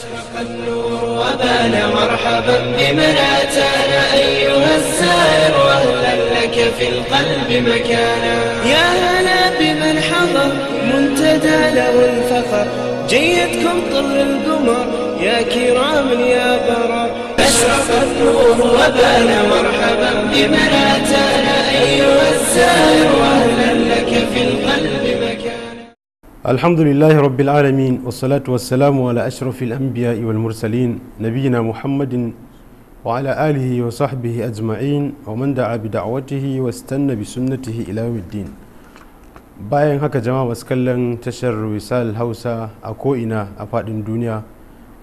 أشرق النور وبان مرحبا بمن أتانا أيها الزائر أهلا لك في القلب مكانا يا هلا بمن حضر منتدى له الفخر جيدكم طر القمر يا كرام يا برا أشرق النور وبان مرحبا بمن أتانا أيها الزائر أهلا لك في القلب الحمد لله رب العالمين والصلاة والسلام على أشرف الأنبياء والمرسلين نبينا محمد وعلى آله وصحبه أجمعين ومن دعا بدعوته واستنى بسنته إلى يوم الدين bayan haka jama'a masu kallon tashar wisal hausa a ko'ina a faɗin duniya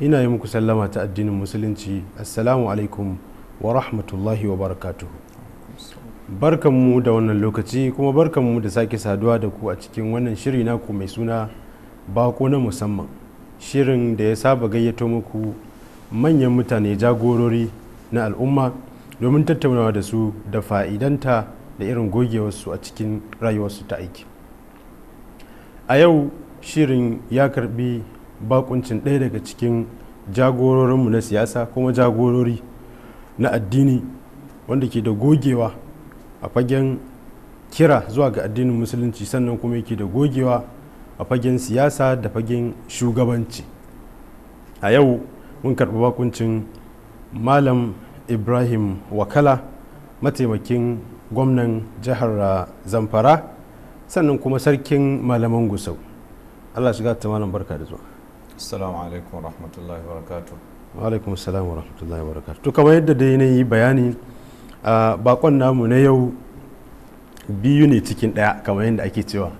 ina yi muku sallama ta addinin musulunci assalamu alaikum wa rahmatullahi wa barakatuhu barkan mu da wannan lokaci kuma barkan mu da sake saduwa da ku a cikin wannan shiri na ku mai suna bako na musamman shirin da ya saba gayyato muku manyan mutane jagorori na al'umma domin tattaunawa da su da fa'idanta da irin gogewarsu a cikin rayuwarsu ta aiki a yau shirin ya karbi bakuncin ɗaya daga cikin jagororinmu na siyasa kuma jagorori na addini wanda ke da gogewa a fagen kira zuwa ga addinin musulunci sannan kuma yake da gogewa a fagen siyasa da fagen shugabanci a yau mun karɓi bakuncin malam ibrahim wakala mataimakin gwamnan jihar zamfara sannan kuma sarkin malaman gusau allah shiga ta malam barka da zuwa assalamu alaikum wa rahmatullahi wa barakatuh wa alaikum assalam wa rahmatullahi wa barakatuh to kamar yadda dai na yi bayani bakon namu na yau biyu ne cikin daya kamar yadda ake cewa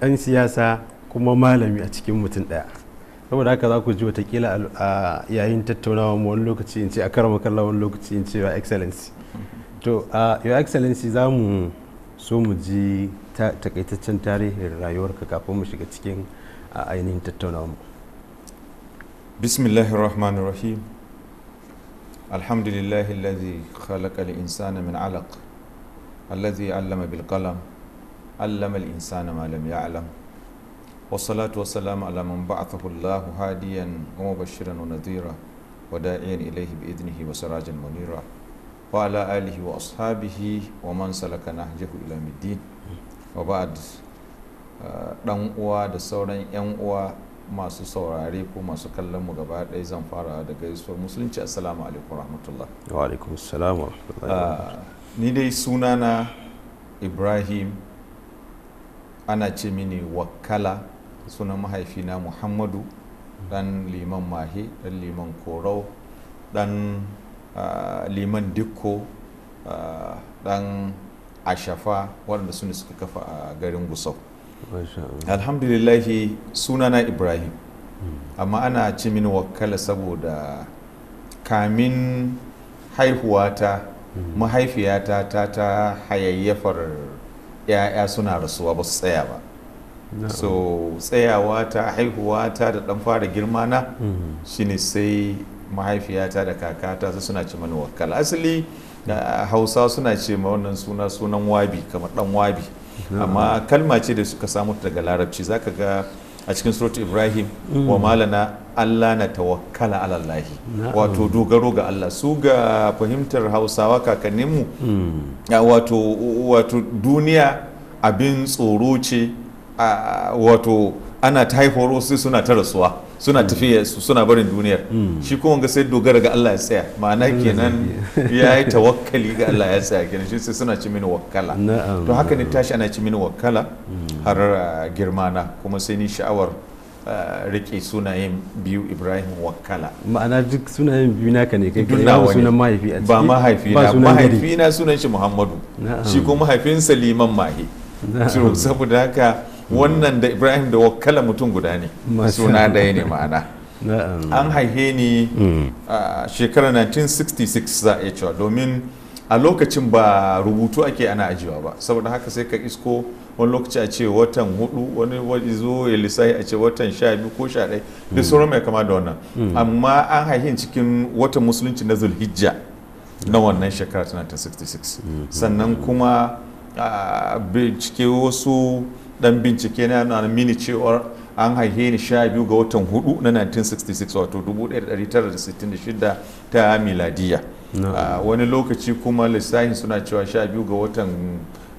ɗan siyasa kuma malami a cikin mutum daya saboda haka za ku ji watakila a yayin tattaunawa mu wani lokaci in ce a karama kalla wani lokaci in ce your excellency to your excellency za mu so mu ji takaitaccen tarihin rayuwarka kafin mu shiga cikin ainihin tattaunawa mu bismillahir rahim الحمد لله الذي خلق الإنسان من علق الذي علم بالقلم علم الإنسان ما لم يعلم والصلاة والسلام على من بعثه الله هاديا ومبشرا ونذيرا وداعيا إليه بإذنه وسراجا منيرا وعلى آله وأصحابه ومن سلك نهجه إلى الدين وبعد ɗan uwa da sauran 'yan uwa masu saurare ko masu kallon mu gaba ɗaya zan fara da gaisuwar musulunci assalamu alaikum rahmatullah wa alaikum wa rahmatullah ah, ni dai sunana ibrahim ana ce mini wakala sunan mahaifina muhammadu dan liman mahe dan liman korau dan ah, liman dikko ah, dan ashafa waɗanda su ne suka kafa a garin gusau alhamdulillahi sunana ibrahim hmm. amma ana ci mini wakala saboda kamin haihuwata hmm. mahaifiyata ta ta hayayyafar 'ya'ya suna rasuwa ba su tsaya ba so tsayawa ta haihuwa ta da dan fara girma na hmm. shine sai mahaifiyata da kakata su suna ci mani wakala asali hausa suna ce ma wannan suna sunan wabi kamar dan wabi amma kalma ce da suka samu daga larabci zaka ga a cikin suratu ibrahim mm. wa malana allah na tawakkala alallahi wato dogaro ga allah su ga fahimtar hausawa kakanninmu mm. wato wato duniya abin tsoro ce wato ana ta haihuwar wasu suna ta rasuwa suna tafiya suna barin duniyar hmm. shi kuma ga sai dogara ga Allah ya tsaya ma'ana hmm. kenan ya yi tawakkali ga Allah ya tsaya kenan shi sai suna ci mini wakkala to haka ne tashi ana ci mini wakkala hmm. har ah, girma na kuma sai ni sha'awar ah, rike sunayen biyu ibrahim wakkala ma'ana duk sunayen biyu naka ne kai kai ba sunan mahaifi a ciki ba mahaifi na mahaifi na sunan shi muhammadu shi kuma mahaifin saliman mahi saboda haka wannan da ibrahim da wakala mutum guda ne suna daya ne ma'ana an haife ni hmm. a shekarar 1966 za a iya cewa domin a lokacin ba rubutu ake ana ajiyewa ba saboda haka sai ka isko wani lokaci a ce watan hudu wani wani zo ya a ce watan sha biyu ko sha ɗaya da hmm. sauran mai kama da wannan hmm. amma an haihin cikin watan musulunci na zulhijja na wannan shekarar 1966 sannan kuma a bincike wasu dan bincike na yana mini cewar an haife ni sha biyu ga watan hudu na 1966 wato 1966 ta miladiya ah, wani lokaci kuma lissahin suna cewa sha biyu ga watan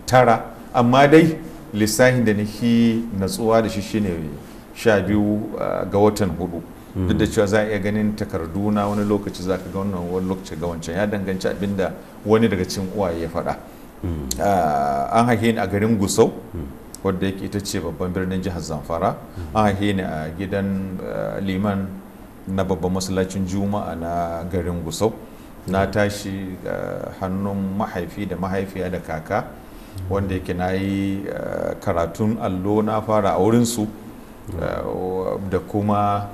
tara amma dai lissahin da nake natsuwa da shi shine sha biyu ah, ga watan hudu hmm. duk da cewa za a iya ganin takardu na wani lokaci za ka ga wannan wani lokaci ga wancan ya danganci abin da wani daga cikin uwaye ya faɗa hmm. ah, an haife ni a garin gusau hmm. wadda yake ita ce babban birnin jihar zamfara an haife ni a gidan eh, liman na babban masallacin juma'a na garin gusau na tashi eh, hannun mahaifi da mahaifiya da kaka wanda yake na yi eh, karatun allo na fara a wurinsu da kuma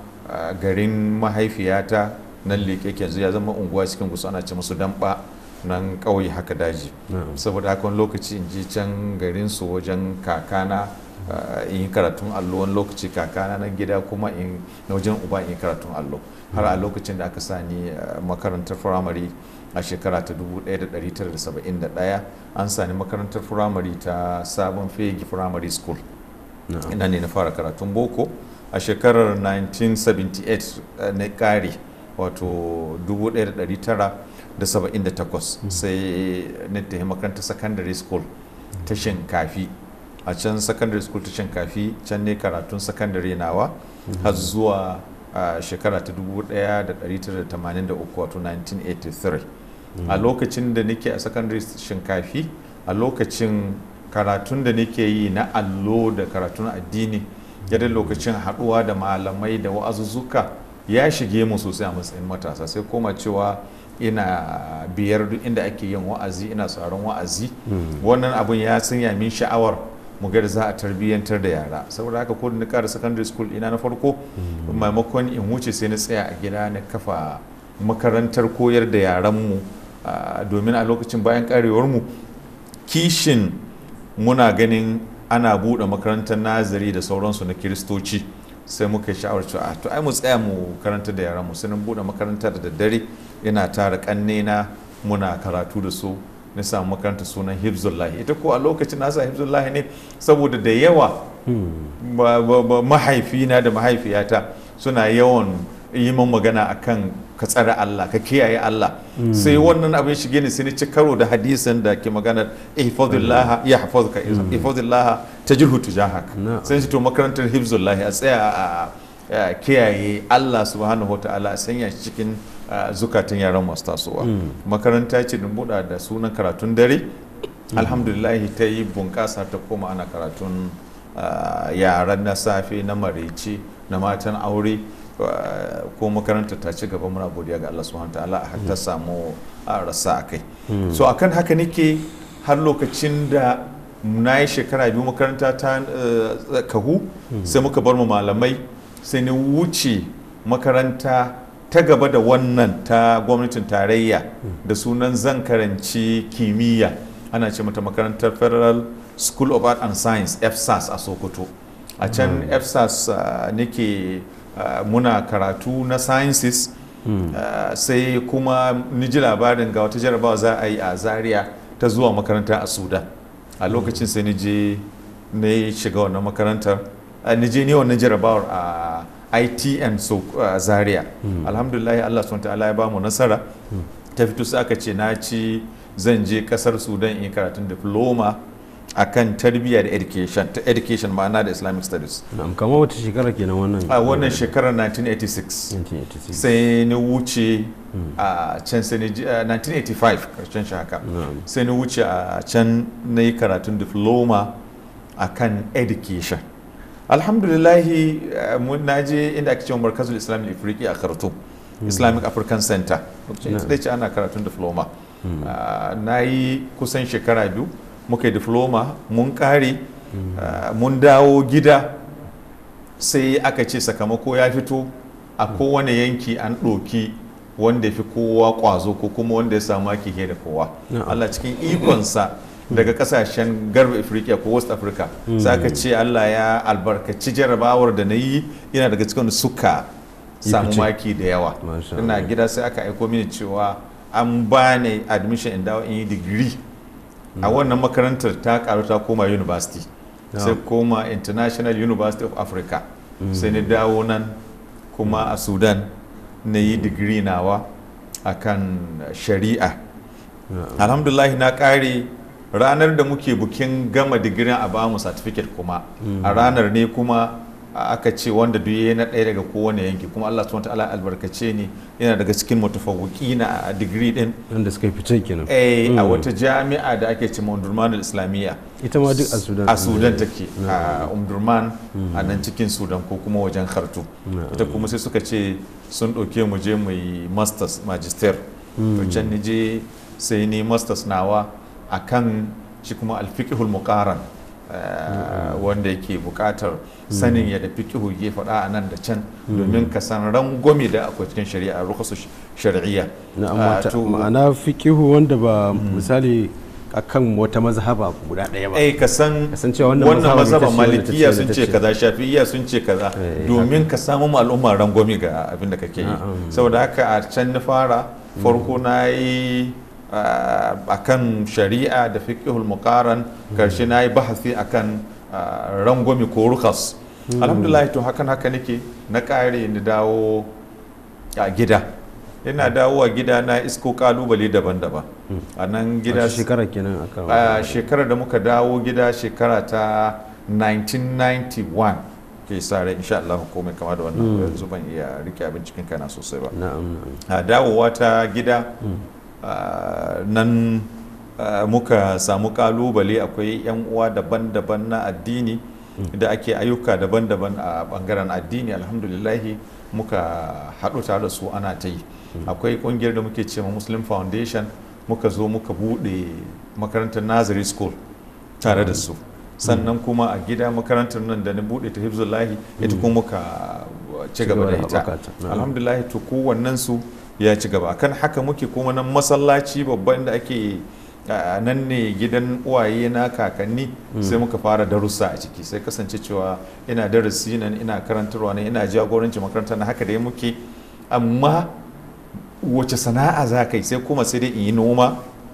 garin mahaifiyata nan leƙe yanzu ya zama unguwa cikin gusau ana ce musu damba nan ƙauye haka daji saboda haka lokaci in ji can garin su wajen kakana eh, in yi karatun allo wani lokaci kakana na gida kuma in na wajen uba in yi karatun allo har a lokacin da aka sani eh, makarantar firamare a shekara ta 1971 an sani makarantar firamare ta sabon fegi firamare school ina ne na fara karatun boko a shekarar 1978 eh, na kare wato 1900 da saba'in da takwas sai na tafi makarantar secondary school ta shinkafi a can secondary school ta shinkafi can ne karatun secondary nawa har zuwa shekara ta 1983 wato 1983 a lokacin da nake a secondary shinkafi a lokacin karatun da nake yi na allo da karatun addini yadda lokacin haduwa da malamai da wa'azuzuka ya shige mu sosai a matsayin matasa sai koma cewa ina biyar duk inda ake yin wa'azi ina tsaron wa'azi hmm. wannan abun ya sanya min sha'awar mu ga za a tarbiyyantar da yara saboda haka ko da na kara secondary school ina na farko hmm. maimakon in wuce sai na tsaya a gida na kafa makarantar koyar da yaran mu domin a lokacin bayan karewar mu kishin muna ganin ana buɗe makarantar nazari da sauransu na kiristoci sai muka sha'awar cewa ah, to ai mu tsaya mu karanta da yaran mu sai bude makaranta da daddare ina tara kanne na muna karatu da su na samu makaranta sunan hibzullahi ita ko a lokacin na sa hibzullahi ne saboda da yawa hmm. mahaifina da mahaifiyata suna yawan yi min magana akan ka tsara Allah ka kiyaye Allah sai wannan abin shige ne sai ci karo da hadisin da ke magana ihfazillah ya hafazka tajruhu tujahak sai shi to makarantar hibzullahi a tsaya a kiyaye Allah subhanahu ta'ala a sanya shi cikin zukatan yaran masu tasowa hmm. makaranta ce da buɗa da sunan karatun dare alhamdulillah ta yi bunƙasa ta koma ana karatun yaran na safe na marece na matan aure ko makaranta ta ci gaba muna godiya ga Allah subhanahu ta'ala har ta samu a rasa akai hmm. so akan haka nake har lokacin da na yi shekara biyu makaranta ta eh, kahu hmm. sai muka bar mu malamai sai ni wuce makaranta ta gaba da wannan ta gwamnatin tarayya hmm. da sunan zan karanci kimiyya ana ce mata makarantar federal school of art and science fsas a sokoto a can fsas eh, nake Ah, muna karatu na sciences hmm. ah, sai kuma ni ji labarin ga wata jarabawa za a yi a zaria ta zuwa makaranta a sudan a hmm. lokacin sai ni je na shiga wannan makarantar ah, ni je ni wannan jarabawar a itn so zaria hmm. alhamdulillah allah sun ta'ala ya ba mu nasara ta fito sai aka ce na ci zan je kasar sudan in karatun diploma A kan da education ta education ma'ana da islamic studies kamar wata shekara kenan wannan a wannan shekarar 1986 sai ni wuce hmm. a can sai 1985 karshen shi haka sai ni wuce a can na yi karatun diploma akan education alhamdulillahi eh, na je inda ake cewa markazul islamic afriki a khartoum hmm. islamic african center ita ce ana karatun diploma hmm. ah, na yi kusan shekara biyu muka yi diploma mun kare ah, mun dawo gida sai aka ce sakamako ya fito a kowane yanki an ɗoki wanda fi kowa kwazo ko kuma wanda ya samu ake da kowa Allah cikin ikonsa daga kasashen garba afirka ko west africa mm. sai aka ce Allah ya albarkaci jarabawar da na yi yana daga cikin suka samu maki da yawa ina gida sai aka aiko mini cewa an bani admission in dawo in yi digiri a wannan makarantar ta karu ta koma university ah. sai koma international university of africa sai ni dawo nan kuma a sudan na yi digiri nawa a kan shari'a ah. alhamdulahi na kare ranar da muke bukin gama digirin a bamu certificate kuma hmm. a ranar ne kuma aka ce wanda duye na ɗaya daga kowane yanki kuma Allah subhanahu ta'ala albarkace ne yana daga cikin mutafawwiki na a digiri din wanda suka fice kenan eh a hmm. wata jami'a da ake ce Umdurman al-Islamiyya ita ma duk a Sudan a Sudan take hmm. a Umdurman hmm. a nan cikin Sudan ko kuma wajen Khartoum ita kuma sai suka ce sun ɗauke mu je mu yi masters magister to can ni je sai ni masters nawa akan shi kuma al-fiqhul muqaran Eh, wanda yake bukatar sanin ya da fikihu ke faɗa a nan da can domin ka san rangwame da akwai cikin shari'a rukusu shari'a ah, ma'ana fikihu wanda ba misali akan wata mazhaba guda ɗaya ba. Eh, ka san wannan mazhaba malikiya sun ce kaza shafi'iyya sun ce kaza eh, domin ka samu al'umma rangwame ga abin da kake yi. Saboda haka a can na fara farko na yi akan shari'a da fiƙihul muƙaran karshe na yi bahasi akan rangwami ko rukas alhamdulillah to hakan haka nake na kare ni dawo a gida ina dawowa gida na isko kalubale daban-daban a nan gida shekarar kenan a da muka dawo gida shekara ta 1991 ke sa rai insha Allah komai kama da wannan yanzu ban iya rike abin kana sosai ba na'am A dawowa ta gida Ah, nan ah, muka samu kalubale akwai 'yan uwa daban-daban na addini hmm. da ake ayyuka daban-daban a bangaren addini alhamdulillahi muka haɗu tare da su ana ta yi hmm. akwai ƙungiyar da muke cewa muslim foundation muka zo muka buɗe makarantar nazari school tare da su hmm. sannan kuma a gida makarantar nan da na buɗe ta hibzullahi ita kuma muka ci gaba da ita alhamdulillahi to kowannen su ya ci gaba kan haka muke kuma nan masallaci babban da ake nan ne gidan uwaye na kakanni hmm. sai muka fara darussa a ciki sai kasance cewa ina darasi nan ina karantarwa nan ina jagoranci makaranta na haka dai muke amma wace sana'a za ka yi sai kuma sai dai in yi noma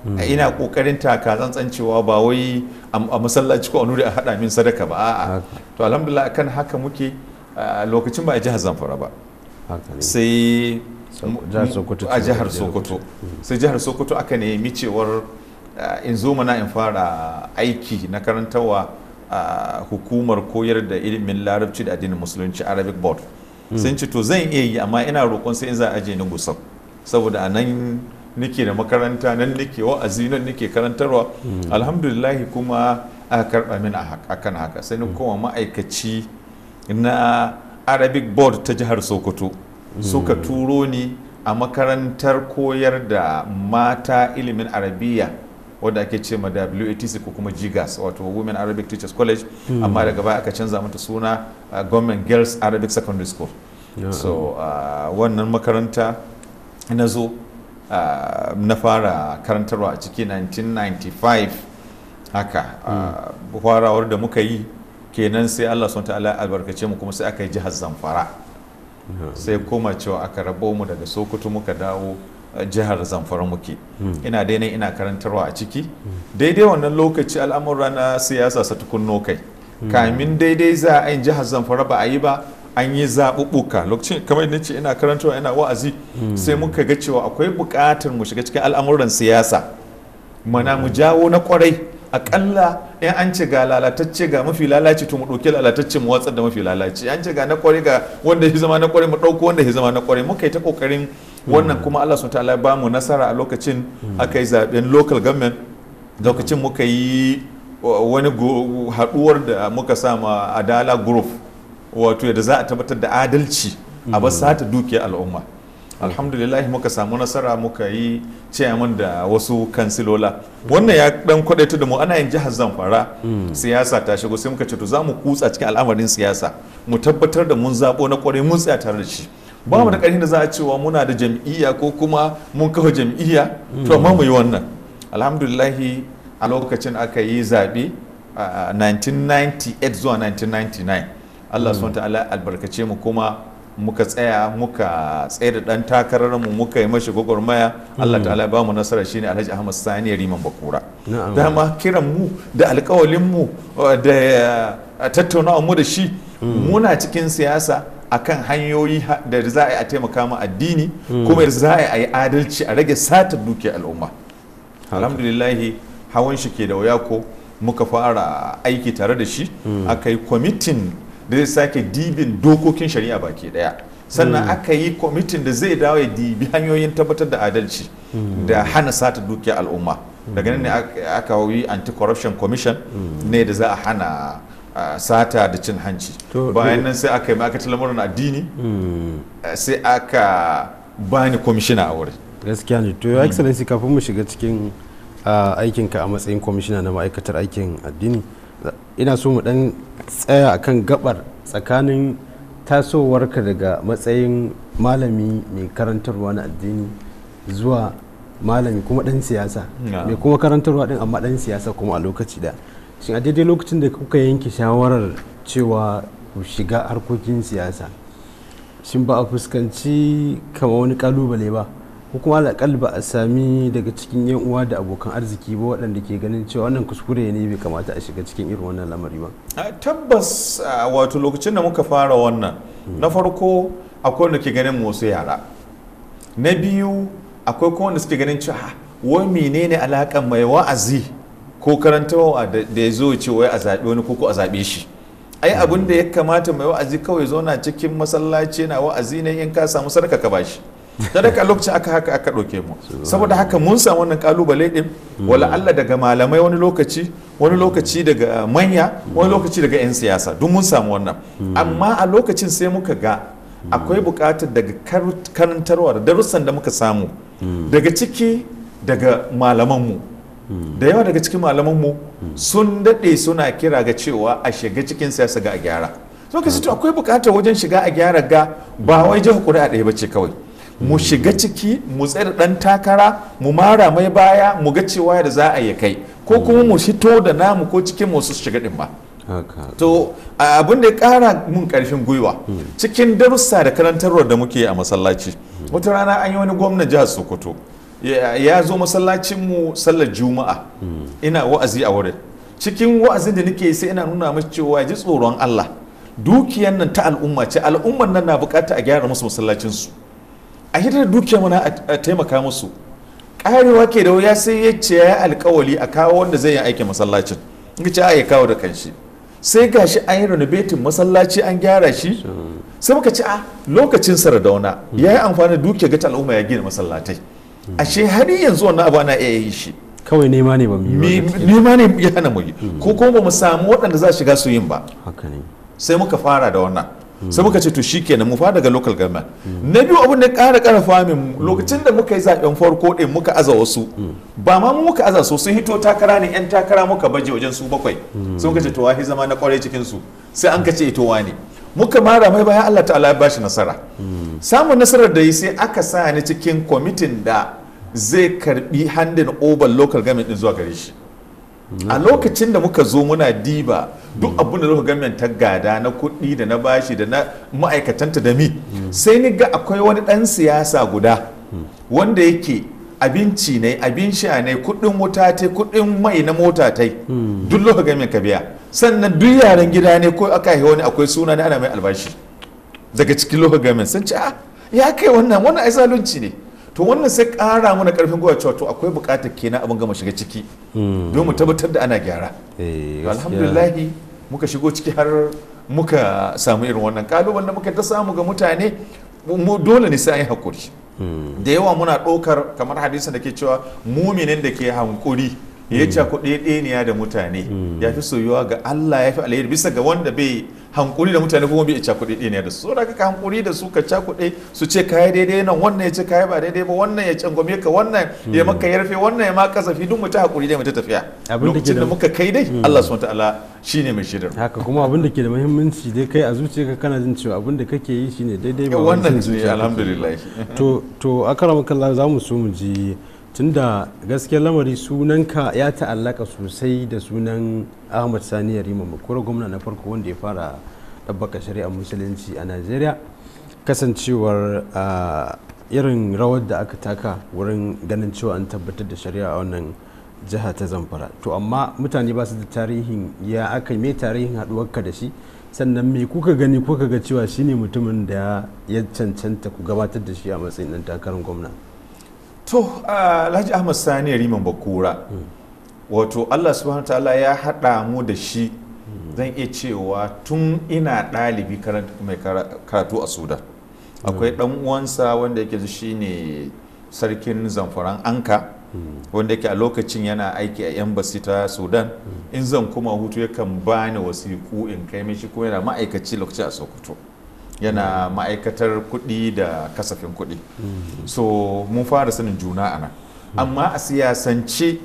hmm. ina kokarin taka tsantsan cewa ba wai a masallaci ko a nuri a haɗa min sadaka ba a'a to alhamdulillah kan haka muke lokacin ba a jihar zamfara ba sai a jihar sokoto mm. sai jihar sokoto aka nemi cewar eh, in zo mana in fara aiki na karantarwa a hukumar koyar da ilimin larabci da addinin musulunci arabic board mm. sun ce to zan iya yi amma ina roƙon sai in za a je ni gusau saboda a nan nake da makaranta nan nake wa'azi nan nake karantarwa mm. alhamdulillah kuma aka karɓa min akan haka sai ni koma ma'aikaci na arabic board ta jihar sokoto suka hmm. turo ni a makarantar koyar da mata ilimin arabiya wadda ake ce ma WATC ko kuma GIGAS wato Women Arabic Teachers College hmm. amma daga baya aka canza mata suna uh, Government Girls Arabic Secondary School so uh, wannan makaranta na zo uh, na fara karantarwa a ciki 1995 haka farawar hmm. da muka yi kenan sai Allah sun ta'ala albarkace mu kuma sai aka yi jihar Zamfara sai koma cewa aka rabo mu daga sokoto muka dawo eh, jihar zamfara muke hmm. ina daina ina karantarwa a ciki daidai wannan lokaci al'amura na siyasa sa tukunno kai hmm. kamin daidai za a yin jihar zamfara ba a yi ba an yi zaɓuɓɓuka lokacin kamar yadda ce ina karantarwa ina wa'azi hmm. sai muka ga cewa akwai buƙatar mu shiga cikin al'amuran siyasa mana mu jawo na kwarai akalla in an ce ga lalatacce ga mafi lalaci to mu ɗauki lalatacce mu watsar da mafi lalace an ce ga na kware ga wanda ya zama na kware mu ɗauko wanda ya zama na kware muka yi ta kokarin wannan kuma Allah subhanahu ta'ala ba mu nasara a lokacin aka yi zaben local government lokacin muka yi wani haɗuwar da muka sama adala group wato yadda za a tabbatar da adalci a basata sata dukiyar al'umma alhamdulillah muka samu nasara muka yi chairman da wasu kansilola wannan ya dan kwadaito da mu ana yin jihar zamfara hmm. siyasa ta shigo sai muka ce to za mu kutsa cikin al'amarin siyasa mu tabbatar da mun zabo na kwarai mun tsaya tare da shi ba mu da hmm. ƙarfin da za a cewa muna da jam'iyya ko kuma mun kafa jam'iyya to amma hmm. mu yi wannan alhamdulillah a lokacin aka yi zaɓe a 1998 zuwa 1999 Allah subhanahu wa ta'ala albarkace mu kuma muka tsaya muka tsaye da dan takararmu muka yi mashi gwagwarmaya Allah hmm. ta'ala ba mu nasara shine Alhaji Ahmad Sani ya Riman Bakura dama kiran mu da alƙawalin mu uh, da uh, tattaunawa mu da shi hmm. muna cikin siyasa akan hanyoyi da za a yi a taimaka mu addini hmm. kuma za a yi adalci a rage satar dukiyar al'umma alhamdulillahi hawan shi ke da wuya ko muka fara aiki tare da shi aka yi kwamitin da zai sake dibin dokokin shari'a baki daya sannan hmm. aka yi kwamitin da zai dawo ya dibi hanyoyin tabbatar da adalci hmm. da hana sata dukiyar al'umma daga nan ne hmm. aka yi anti-corruption commission ne da za a hana sata da cin hanci bayan nan sai aka yi ma'aikatar lamuran addini sai aka bani kwamishina a wuri. gaskiya ne to excellency kafin mu shiga cikin aikinka a matsayin kwamishina na ma'aikatar aikin addini ina so mu dan tsaya akan gabar tsakanin tasowarka daga matsayin malami mai karantarwa na addini zuwa malami kuma dan siyasa mai kuma karantarwa din amma dan siyasa kuma a lokaci da shin a daidai lokacin da kuka yanke shawarar cewa ku shiga harkokin siyasa shin ba a fuskanci kama wani kalubale ba ko kuma alaƙal ba a sami daga cikin yan uwa da abokan arziki ba waɗanda ke ganin cewa wannan kuskure ne bai kamata a shiga cikin irin wannan lamari ba tabbas wato lokacin da muka fara wannan na farko akwai wanda ke ganin wasu yara na biyu akwai kuma wanda suke ganin cewa wai menene alakan mai wa'azi ko karantawa da ya zo ce wai a zaɓe wani ko a zaɓe shi ai abin da ya kamata mai wa'azi kawai zauna cikin masallaci na wa'azi ne in ka samu sarka ka bashi da daga lokacin aka haka aka ɗauke mu saboda haka mun samu wannan kalubale ɗin wala Allah daga malamai wani lokaci wani lokaci daga manya wani lokaci daga 'yan siyasa duk mun samu wannan amma a lokacin sai muka ga akwai buƙatar daga karantarwa da darussan da muka samu daga ciki daga malamanmu da yawa daga cikin mu sun daɗe suna kira ga cewa a shiga cikin siyasa ga a gyara so ka akwai buƙatar wajen shiga a gyara ga ba wai jihar ƙuri'a ɗaya ba ce kawai mu shiga ciki mu tsere dan takara mu mara mai baya mu ga cewa da za a yi kai ko kuma mu fito da namu ko cikin mu su shiga din ba to abin da ya kara mun karfin gwiwa hmm. cikin darussa da karantarwa da muke a masallaci hmm. wata rana an yi wani gwamna jihar sokoto ya zo masallacin mu sallar juma'a hmm. ina wa'azi a wurin cikin wa'azin da nake sai ina nuna masa cewa ji tsoron Allah dukiyan nan ta al'umma ce al'ummar nan na bukata a gyara musu su a hidar dukiya mana a taimaka musu karewa ke da wuya sai ya ce ya alkawali a kawo wanda zai yi aikin masallacin in ce a ya kawo da kanshi sai gashi an yi renovating masallaci an gyara shi sai muka ci a lokacin sardauna ya yi amfani dukiya ga al'umma ya gina masallatai ashe har yanzu wannan abu ana iya yi shi kawai nema ne ba mu yi ba nema ne ya hana mu yi ko kuma ba mu samu waɗanda za shiga su yin ba sai muka fara da wannan sai muka ce to na mu fara daga local government na biyu abin da kara karafamin mu lokacin da muka yi zaben farko din muka aza wasu ba ma mu muka aza so hito takara ne yan takara muka baje wajen su bakwai sai muka ce to wahi zama na kwarai cikin su sai an ka kace ito wani muka mara mai bayan Allah ta'ala ya bashi nasara samun nasarar da yi sai aka sa ni cikin kwamitin da zai karbi handin over local government din zuwa gare shi a lokacin da muka zo muna diba duk abin da local government ta gada na kuɗi da na bashi da na ma'aikatanta da mi sai ni ga akwai wani ɗan siyasa guda wanda yake abinci ne abin sha ne kuɗin wuta ta kuɗin mai na mota ta duk lokacin government ka biya sannan duk yaran gida ne ko aka yi wani akwai suna ne ana mai albashi daga cikin lokacin government sun ce ah, ya kai wannan wannan ai zalunci ne to wannan sai ƙara mana karfin gwiwa cewa to akwai bukatar kenan abin gama shiga ciki hmm. don mu tabbatar da ana gyara eh, alhamdulillahi muka shigo ciki har muka samu irin wannan kalubalen da muka ta samu ga mutane mu dole ne sai an yi hakuri hmm. da yawa muna ɗaukar kamar hadisin da ke cewa muminin da ke hankuri ya ce hmm. ku ɗaya da mutane hmm. ya fi soyuwa ga Allah ya fi alheri bisa ga wanda bai hankuri da mutane kuma bai ca kuɗi ɗaya da su da ka hankuri da su ka ca kuɗi su ce kaya daidai nan wannan ya ce kaya ba daidai ba wannan ya cangome ka wannan ya hmm. maka yarfe wannan ya ma kasafi duk mu ta hakuri dai mu ta tafiya lokacin da muka kai dai Allah subhanahu ta'ala shine mai shidar haka kuma abin da ke da muhimmanci dai kai a ka kana jin cewa abin da kake yi shine daidai ba wannan ne alhamdulillah to to akramakallah za mu so mu ji tunda gaskiyar lamari sunanka ya ta'allaka sosai da sunan ahmad sani yarima makura gwamna na farko wanda ya fara ɗabbaka shari'a musulunci a najeriya kasancewar irin rawar da aka taka wurin ganin cewa an tabbatar da shari'a a wannan jiha ta zamfara to amma mutane ba su da tarihin ya aka mai tarihin haɗuwarka da shi sannan me kuka gani kuka ga cewa shine mutumin da ya cancanta ku gabatar da shi a matsayin ɗan takarar gwamna to alhaji ahmad sani riman bakura wato allah subhanahu ta'ala ya haɗa mu da shi zan iya cewa tun ina ɗalibi mai karatu a sudan akwai ɗan uwansa wanda yake zu shine sarkin zamfaran anka wanda yake a lokacin yana aiki a embassy ta sudan in zan kuma hutu yakan bani wasiƙu in kai mishi ko yana ma'aikaci lokacin a sokoto yana ma'aikatar kuɗi da kasafin kuɗi mm-hmm. so mun fara sanin juna a nan mm-hmm. amma a siyasance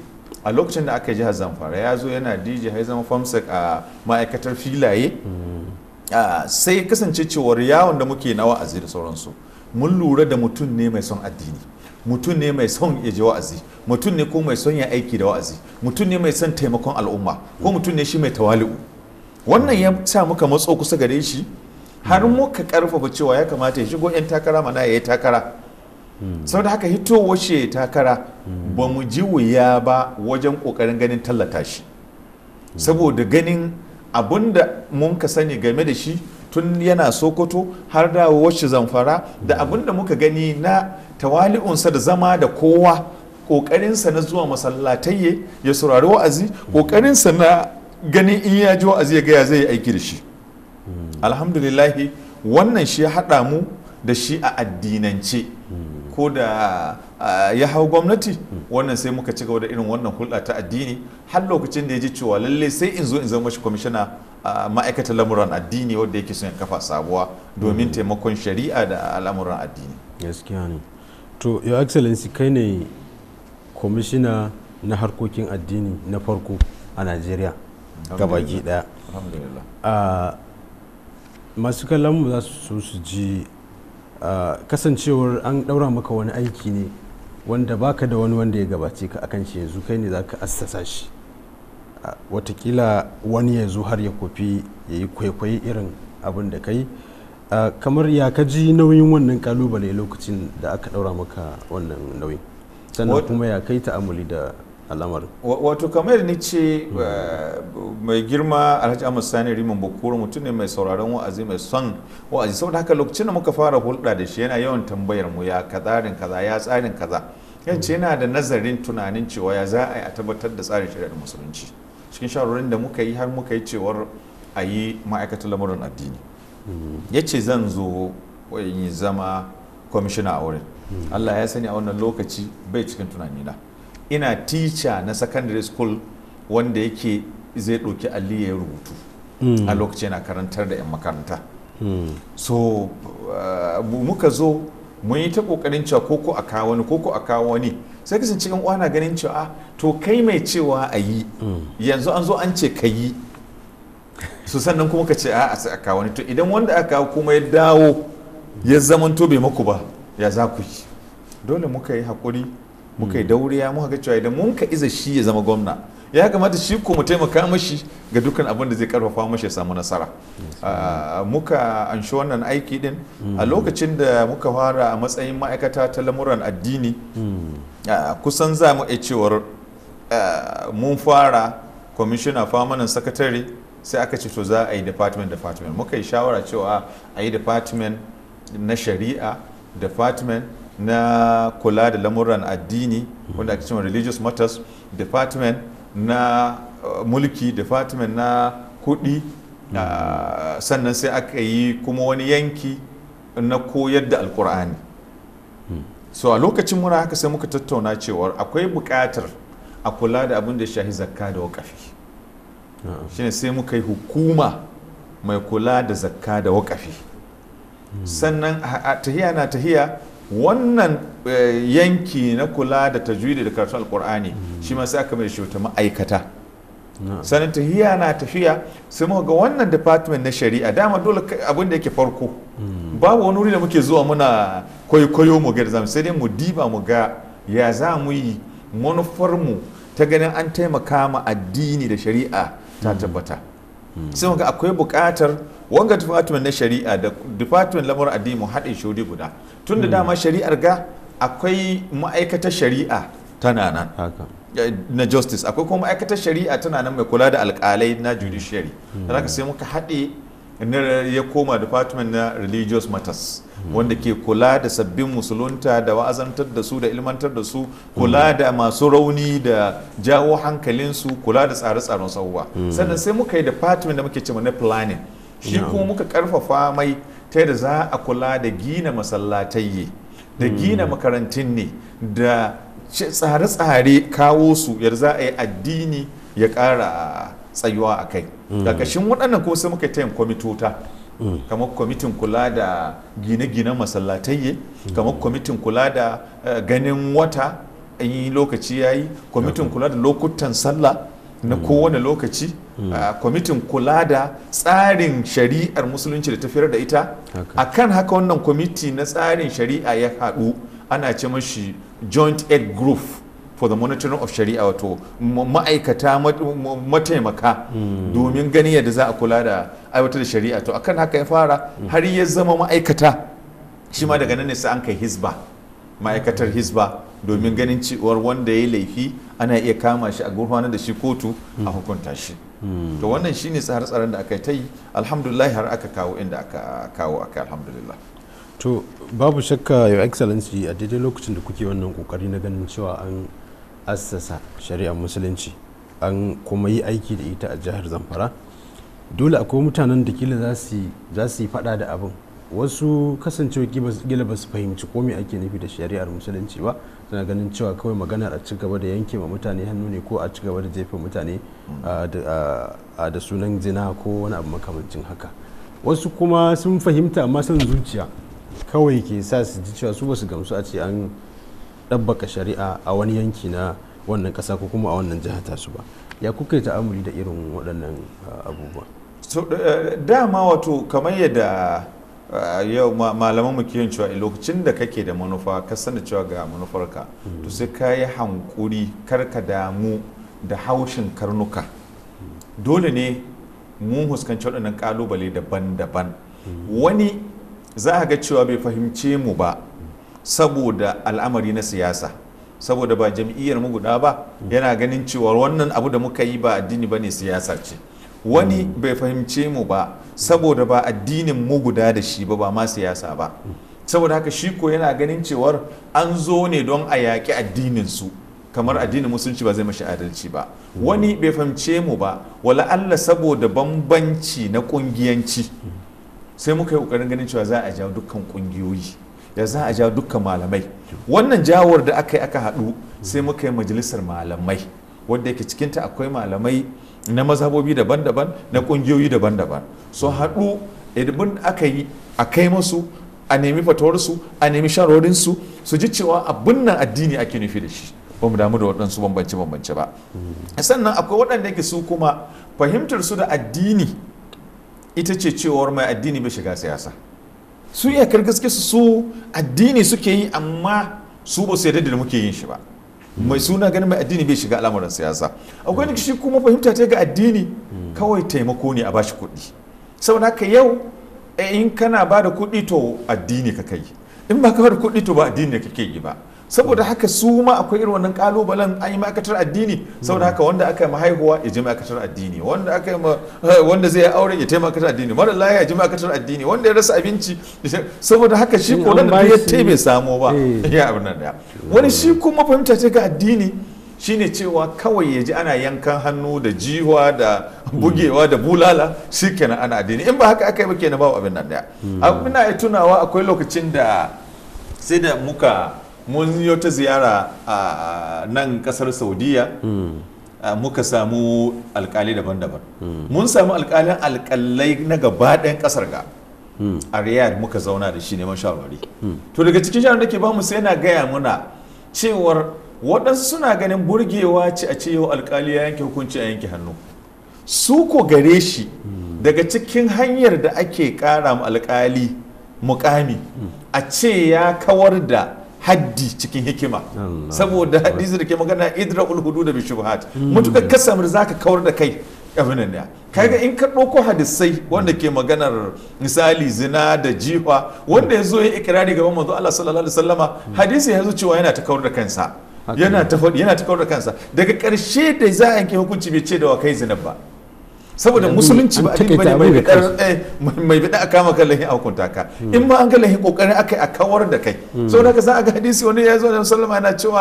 a lokacin da aka yi jihar zamfara ya zo yana dj ya zama famsek a ma'aikatar filaye mm-hmm. ah, sai kasance cewar yawon da muke na wa'azi da sauransu mun lura da mutum ne mai son addini mutum ne mai son ya je wa'azi mutum ne ko mai son ya aiki da wa'azi mutum ne mai son taimakon al'umma ko mutum ne shi mai tawali'u wannan ya sa muka matso kusa gare shi har muka karfafa cewa ya kamata ya shigo 'yan takara mana ya yi takara sau da haka hito shi ya takara ba mu ji wuya ba wajen kokarin ganin tallata shi saboda ganin abun da mun ka sani game da shi tun yana sokoto har da wacce zamfara da abun da muka gani na tawali'unsa da zama da kowa ƙoƙarinsa na zuwa masallatai ya saurari wa'azi kokarinsa na ganin in ya ji wa'azi ya gaya zai yi aiki da shi alhamdulillahi wannan shi haɗa mu da shi a addinance ko da ya hau gwamnati wannan sai muka ci gaba da irin wannan hulɗa ta addini har lokacin da ya ji cewa lalle sai in zo in zama shi kwamishina ma'aikatar lamuran addini wadda yake son kafa sabuwa domin taimakon shari'a da lamuran addini gaskiya ne to your excellency kai ne kwamishina na harkokin addini na farko a najeriya gabaki daya masu kallon mu za su su ji kasancewar an daura maka wani aiki ne wanda baka da wani wanda ya gabace ka akan shi yanzu kai ne za ka assasa shi watakila wani ya zo har ya kofi ya yi kwaikwayi irin abin da kai kamar ya ka ji nauyin wannan kalubale lokacin da aka daura maka wannan nauyin sannan kuma ya kai ta'amuli da al'amarin wato kamar ni ce hmm. eh, mai girma alhaji ahmad sani riman bukuru mutum ne mai sauraron wa'azi mai son wa'azi saboda haka lokacin da muka fara hulɗa da shi yana yawan tambayar mu ya kazarin kaza ya tsarin kaza yance hmm. yana da nazarin tunanin cewa ya za a yi a tabbatar da tsarin shari'ar musulunci cikin shawarwarin da muka yi har muka yi cewar a yi ma'aikatar lamarin addini hmm. ya ce zan zo yi zama kwamishina a wurin allah ya sani a wannan lokaci bai cikin tunanina ina teacher na secondary school wanda yake zai ɗauki alli ya rubutu a hmm. lokaci yana karantar da 'yan makaranta hmm. so uh, muka zo mun yi ta kokarin cewa koko a kawo wani koko a kawo wani sai kasance yan uwana ganin cewa ah, to kai mai cewa a yi hmm. yanzu an zo an ce ka yi su sannan kuma ka ce a sai a kawo wani to idan wanda aka kawo kuma ya dawo ya zamanto bai maku ba ya za ku yi dole muka yi hakuri. muka yi mm. dauriya muka ga cewa idan mun ka iza shi ya zama gwamna ya kamata shi ko mu taimaka mashi ga dukkan abin da zai karfafa mashi ya samu nasara ah, muka anshi wannan aiki din a mm. lokacin da muka fara a matsayin ma'aikata ta lamuran addini mm. ah, kusan za mu cewar ah, mun fara kwamishina famanin sakatare sai aka ce to za a yi department department muka yi shawara cewa a yi department na shari'a department na kula da lamuran addini wanda ake cewa religious matters department na uh, mulki department na kudi uh, sannan sai aka yi kuma wani yanki na koyar da alkur'ani so a lokacin muna haka sai muka tattauna cewar akwai bukatar a kula da abin da ya shahi zakka da wakafi shine sai muka yi hukuma mai kula da zakka da wakafi hmm. sannan tahiya na tahiya wannan eh, yanki na kula da tajwidi da karatun alkur'ani shi ma sai aka mai shi ma'aikata sanin tahiya na tafiya sai muka ga wannan department na shari'a dama dole abin da yake farko hmm. babu wani wuri da muke zuwa muna kwaikwayo mu ga zamu sai dai mu diba mu ga ya za mu yi manufarmu ta ganin an taimaka ma addini da shari'a ta hmm. tabbata hmm. sai muka akwai bukatar. wanga department na shari'a da department lamar addini mu haɗin shuri guda tun da hmm. dama shari'ar ga akwai ma'aikatar shari'a tana nan eh, na justice akwai kuma ma'aikatar shari'a tana nan mai kula da alƙalai na judiciary hmm. haka sai muka haɗe ya koma department na religious matters hmm. wanda ke kula da sabbin musulunta da wa'azantar da su da ilmantar da su kula da masu rauni da jawo hankalinsu kula da tsare-tsaren sauwa sannan sai muka yi department da muke cewa na planning shi kuma muka karfafa mai ta yadda za a kula da gina masallatai da hmm. gina makarantun ne da tsare-tsare kawo su yadda za a yi addini ya kara tsayuwa a kai hmm. ƙarƙashin waɗannan ko sai muka yi tayin kwamitota hmm. kamar kwamitin kula da gine gine masallatai kamar kwamitin kula da eh, ganin wata in lokaci ya yi kwamitin kula da lokutan sallah na kowane lokaci Mm. Ah, kwamitin kula da tsarin shari'ar musulunci da tafiyar da ita A kan haka wannan kwamiti na tsarin shari'a ya haɗu ana ce mashi joint aid group for the monitoring of shari'a wato ma'aikata mataimaka mm. domin gani yadda za a kula da aiwatar da shari'a to akan haka ya fara mm. har ya zama ma'aikata shi ma daga nan ne sai an kai hisba ma'aikatar hisba domin ganin cewar wanda ya yi laifi ana iya kama shi a gurfanar da shi kotu a hukunta shi to wannan shine tsare-tsaren da aka ta yi alhamdulillah har aka kawo inda aka kawo aka alhamdulillah to babu shakka your excellency a daidai lokacin da kuke wannan kokari na ganin cewa an assasa shari'ar musulunci an kuma yi aiki da ita a jihar zamfara dole akwai mutanen da kila za su yi fada da abin wasu kasancewa gila ba su fahimci ko me ake nufi da shari'ar musulunci ba suna ganin cewa kawai magana a ci gaba da yanke ma mutane hannu ne ko a ci gaba da jefa mutane da sunan zina ko wani abu makamancin haka wasu kuma sun fahimta amma son zuciya kawai ke sa su ji cewa su basu gamsu a ce an ɗabbaka shari'a a wani yanki na wannan ƙasa ko kuma a wannan jiha tasu ba ya kuka yi ta'amuli da irin waɗannan abubuwa eh, dama wato kamar yadda yau malaman mu kiyon cewa lokacin da kake da manufa ka sani cewa ga manufar ka. to sai ka yi hankuri kar ka damu da haushin karnuka dole ne mun huskanci waɗannan ƙalubale daban-daban wani za a ga cewa bai fahimce mu ba saboda al'amari na siyasa saboda ba jam'iyyar mu guda ba yana ganin cewa wannan abu da muka yi ba addini ba ne siyasa ce wani bai fahimce mu ba saboda ba addinin mu guda da shi ba ba ma siyasa ba saboda haka shi ko yana ganin cewar an zo ne don a yaƙi addinin su kamar addinin musulunci ba zai mashi adalci ba wani bai fahimce mu ba wala Allah saboda bambanci na kungiyanci sai muka yi kokarin ganin cewa za a jawo dukkan kungiyoyi da za a jawo dukkan malamai wannan jawar da aka yi aka haɗu sai muka yi majalisar malamai wadda yake cikinta akwai malamai na mazhabobi daban-daban na kungiyoyi daban-daban su haɗu idan aka yi a kai masu a nemi fatawarsu a nemi sharorinsu su ji cewa abin nan addini ake nufi da shi ba mu damu da waɗansu bambance-bambance ba sannan akwai waɗanda ke su kuma fahimtar su da addini ita ce cewar mai addini bai shiga siyasa su iyakar gaske su addini suke yi amma su ba su yarda da muke yin shi ba mai suna ganin mai addini bai shiga al'amuran siyasa akwai ne shi kuma fahimta ta ga addini kawai taimako ne a bashi kuɗi saboda haka yau eh, in kana ba da kuɗi to addini ka kai in ba ka ba da kuɗi to ba addini ka kai yi ba saboda haka su ma akwai irin wannan kalubalen an yi ma'aikatar addini saboda haka wanda aka yi mahaihuwa ya je ma'aikatar addini wanda aka yi eh, wanda zai aure ya taimaka ma'aikatar addini mara lafiya ya je ma'aikatar addini wanda ya rasa abinci saboda haka shi ko nan da ya taimai samo ba eh. ya abin nan da wani shi kuma fahimta ta ga addini shine cewa kawai ya ji ana yankan hannu da jiwa da hmm. bugewa da bulala shi kenan ana addini in ba haka aka yi ba kenan ba abin nan da abin na tunawa akwai lokacin da sai da muka mun yi wata ziyara a nan kasar saudiya muka samu alkali daban-daban mun samu alkalin alkalai na gaba ɗayan kasar ga a riyadh muka zauna da shi neman shawarwari to daga cikin shawarar da ke bamu sai na gaya muna cewar waɗansu suna ganin burgewa ce a ce yau alkali ya yanke hukunci a yanke hannu su ko gare shi daga cikin hanyar da ake ƙara alkali mukami a ce ya kawar da haddi cikin hikima saboda hadisi da ke magana idra hudu da bishubhat hmm. mutukar ka zaka za ka kawar da kai abinan ya kaga hmm. in ka ko hadisai wanda ke maganar misali zina da jifa wanda ya zo ya ikirari gaban manzo Allah sallallahu alaihi wasallama hmm. hadisi ya cewa yana ta kawar da kansa yana ta yana ta kawar da kansa daga karshe da za a yanke hukunci bai ce da wa kai zina ba saboda musulunci ba mai bida eh, a kama kan lahi a hukunta ka hmm. in ma an ga lahi kokarin aka yi a kawar da kai hmm. sau da za a ga hadisi wani ya zo da sallama yana cewa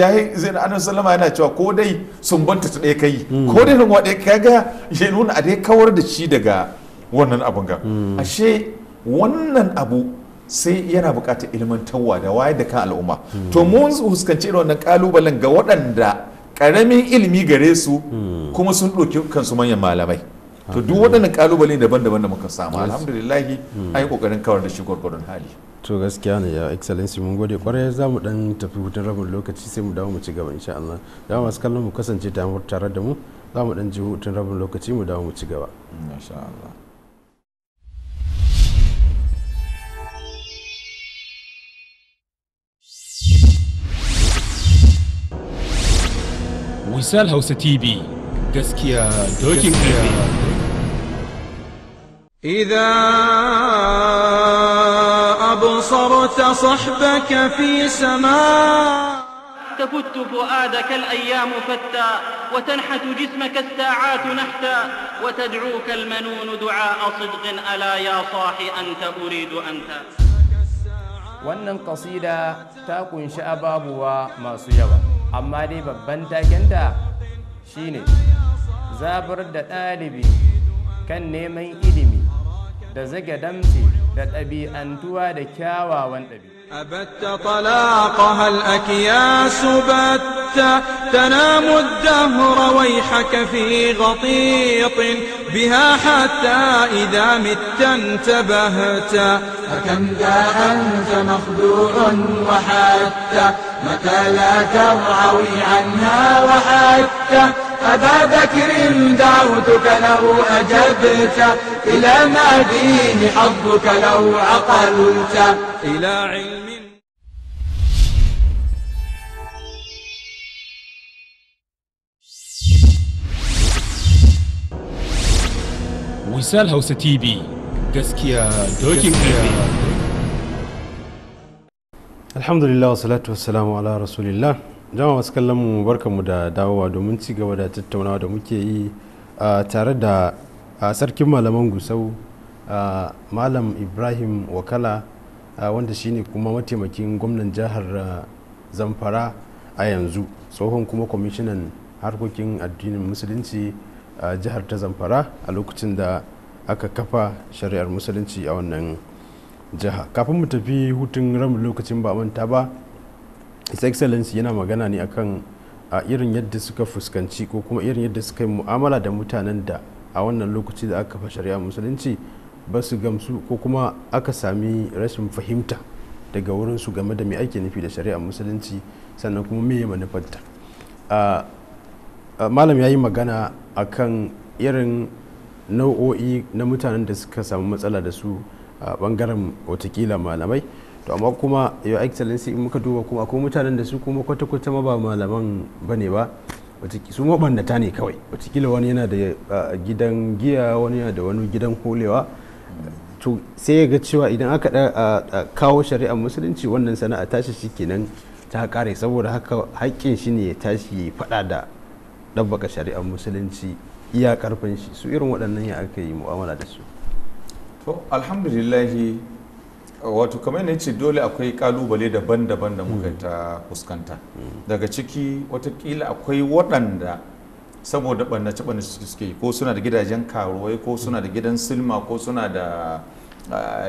ya yi zai na anan sallama yana cewa ko dai sun banta ta ɗaya kai hmm. ko dai nan waɗe ka ga ya nuna a dai kawar da shi daga wannan abun ga ashe wannan abu sai yana bukatar ilmantarwa da wayar da kan al'umma to mun fuskanci irin wannan kalubalen ga waɗanda karamin ilimi gare su hmm. kuma sun ɗauki kansu manyan malamai to duk waɗannan ƙalubale daban-daban da muka samu alhamdulillahi hmm. an yi ƙoƙarin kawar da shi gwargwaron hali to gaskiya ne ya excellency mun gode kwarai za mu dan tafi hutun rabin lokaci sai mu dawo mu ci gaba insha Allah da masu kallon mu kasance tare da mu za mu dan ji hutun rabin lokaci mu dawo mu ci gaba insha Allah وصال Hausa بي gaskiya dokin ƙarfi. إذا أبصرت صحبك في سماء تفت فؤادك الأيام فتى وتنحت جسمك الساعات نحتا وتدعوك المنون دعاء صدق ألا يا صاحي أنت أريد أنت wannan kasida ta kunshi ababuwa masu yawa amma dai babban takenta shine zabar da ɗalibi kan neman ilimi da zage damce da ɗabi'antuwa da kyawawan ɗabi'u أبت طلاقها الأكياس بت تنام الدهر ويحك في غطيط بها حتى إذا مت انتبهت فكم ذا أنت مخدوع وحتى متى لا ترعوي عنها وحتى أبا بكر دعوتك له أجبت إلى ما دين حظك له عقلت إلى علم وسال هوس تي بي تزكية الحمد لله والصلاة والسلام على رسول الله jama wasu kallon mu mu da dawowa domin ci gaba da tattaunawa da muke yi tare da sarkin malaman gusau malam ibrahim wakala wanda shine kuma mataimakin gwamnan jihar zamfara a yanzu tsohon kuma kwamishinan harkokin addinin musulunci a jihar ta zamfara a lokacin da aka kafa shari'ar musulunci a wannan jiha kafin mu tafi hutun ramin lokacin ba manta ba his excellency yana magana ne akan a irin yadda suka fuskanci ko kuma irin yadda suka yi mu'amala da mutanen da a wannan lokaci da aka fa shari'a musulunci ba su gamsu ko kuma aka sami rashin fahimta daga wurinsu game da mai ake nufi da shari'a musulunci sannan kuma me ya manufarta malam ya yi magana akan irin nau'o'i na mutanen da suka samu matsala da su a bangaren watakila malamai to amma kuma your excellency in muka duba kuma akwai mutanen da su kuma kwata-kwata ma ba malaman ba ne ba su mabannata ne kawai watakila wani yana da gidan giya wani yana da wani gidan kolewa to sai ga cewa idan aka kawo shari'ar musulunci wannan sana'a tashi shi kenan ta kare saboda haka haƙƙin shi ne ya tashi ya faɗa da ɗabbaka shari'ar musulunci iya karfin shi su irin waɗannan ya aka yi mu'amala da su to alhamdulillahi wato kamar ne ce dole akwai kalubale daban-daban da muka mm. ta fuskanta daga ciki watakila akwai waɗanda saboda ɓannace ɓannace suke ko suna da gidajen karuwai ko suna da gidan silma ko suna da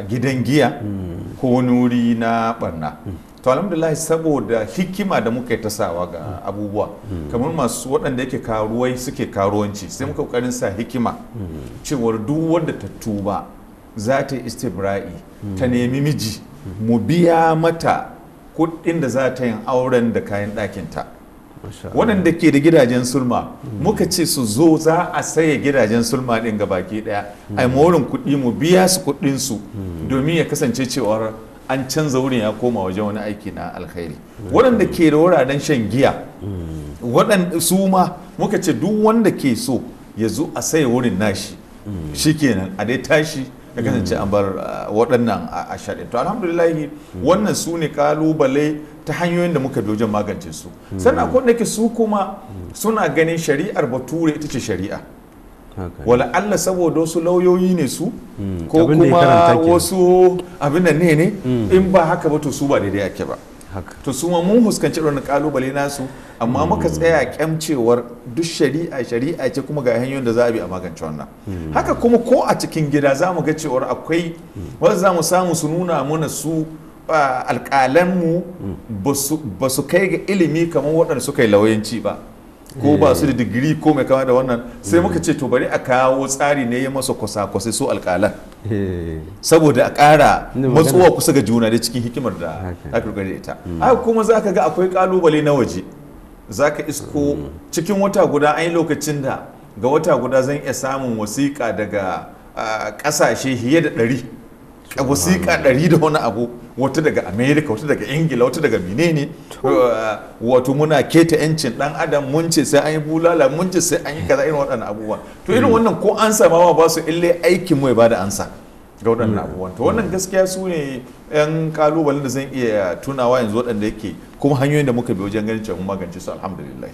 gidan giya mm. ko wani na ɓanna mm. to alhamdulillah saboda hikima da muka yi tasawa ga abubuwa kamar masu waɗanda yake karuwai suke karuwanci sai muka ƙoƙarin sa hikima cewar duk wanda ta tuba za ta yi istibra'i ta nemi miji mu biya mata kuɗin da za ta yin auren da kayan ɗakinta waɗanda ke da gidajen sulma muka ce su zo za a saye gidajen sulma ɗin ga baki ɗaya a morin kuɗi mu biya su kuɗin su. domin ya kasance cewar an canza wurin ya koma wajen wani aiki na alkhairi waɗanda ke da wuraren shan giya waɗanda su ma muka ce duk wanda ke so ya zo a saye wurin nashi Shi shikenan a dai tashi ya kasance an bar uh, waɗannan a shaɗin to alhamdulillahi wannan su ne kalubale ta hanyoyin da muka bi wajen magance su sannan akwai da su kuma suna ganin shari'ar bature ita ce shari'a wala Allah saboda wasu lauyoyi ne su hmm, ko kuma wasu abin da ne ne in ba haka ba to su ba daidai ake ba to su ma mun huskanci irin kalubale nasu amma hmm. muka tsaya kyamcewar duk shari'a shari'a ce kuma ga hanyoyin da za a bi a magance wannan hmm. haka kuma ko a cikin gida za mu ga cewar akwai hmm. wanda za mu samu su nuna mana su alƙalanmu ba su kai ga ilimi kamar waɗanda suka yi lauyanci ba ko ba su da digiri ko mai kama da wannan sai muka ce to bari a kawo tsari ne ya masa kwasa-kwasai su alƙalan Eh. saboda a ƙara matsuwa kusa ga juna da cikin hikimar da aka da ita mm. a kuma za ka ga akwai kalubale na waje za ka isko mm. cikin wata guda an lokacin da ga wata guda zan iya samun wasiƙa daga ah, ƙasashe fiye da ɗari A wasiƙa ɗari da wani abu wata daga amerika wata daga ingila wata daga menene uh, wato muna keta yancin ɗan adam mun ce sai an yi bulala mun ce sai an yi kaza irin waɗannan abubuwa. to irin hmm. wannan ko an sama ba su ille aikin mai bada ansa ga waɗannan hmm. abubuwan to wannan hmm. gaskiya su ne yan kalubalen da zan iya tunawa yanzu waɗanda yake kuma hanyoyin da muka bi wajen ganin cewa magance su alhamdulillah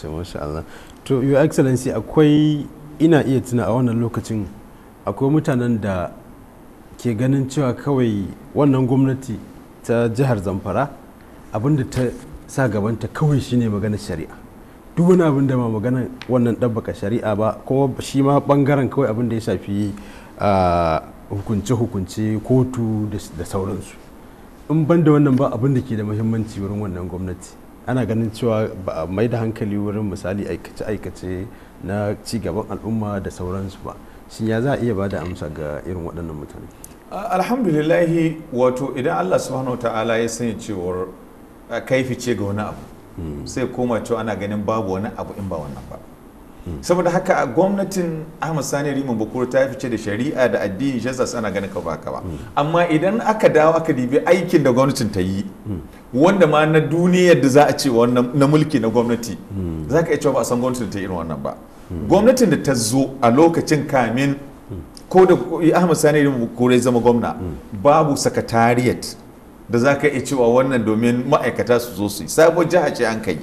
to masha Allah to your excellency akwai ina iya tuna a wannan lokacin akwai mutanen da ke ganin cewa kawai wannan gwamnati ta jihar zamfara abinda ta sa gabanta kawai shine maganar shari'a duk wani abin da ma maganar wannan ɗabbaka shari'a ba ko shi ma bangaren kawai abin da ya shafi hukunce-hukunce kotu da sauransu in ban da wannan ba abin da ke da muhimmanci wurin wannan gwamnati ana ganin cewa ba a mai da hankali wurin misali aikace-aikace na cigaban al'umma da sauransu ba shi ya za a iya ba da amsa ga irin waɗannan mutane alhamdulillahi wato idan allah subhanahu ta'ala ya sanya cewar kaifi ce ga wani abu hmm. sai koma cewa ana ganin babu wani abu in ba wannan ba hmm. saboda haka a gwamnatin ahmad sani rimin bukuru ta fice da shari'a da addini jesus ana ganin ka baka ba hmm. amma idan aka dawo aka dibi aikin da gwamnatin ta yi wanda ma na duniyar da za a ce na mulki na gwamnati za ka iya cewa ba a san gwamnatin ta irin wannan ba gwamnatin da ta zo a lokacin kamin ko da ahmad sani kore zama gwamna babu sakatariyat da za ka iya cewa wannan domin ma'aikata su zo su yi sabon jiha ce an kai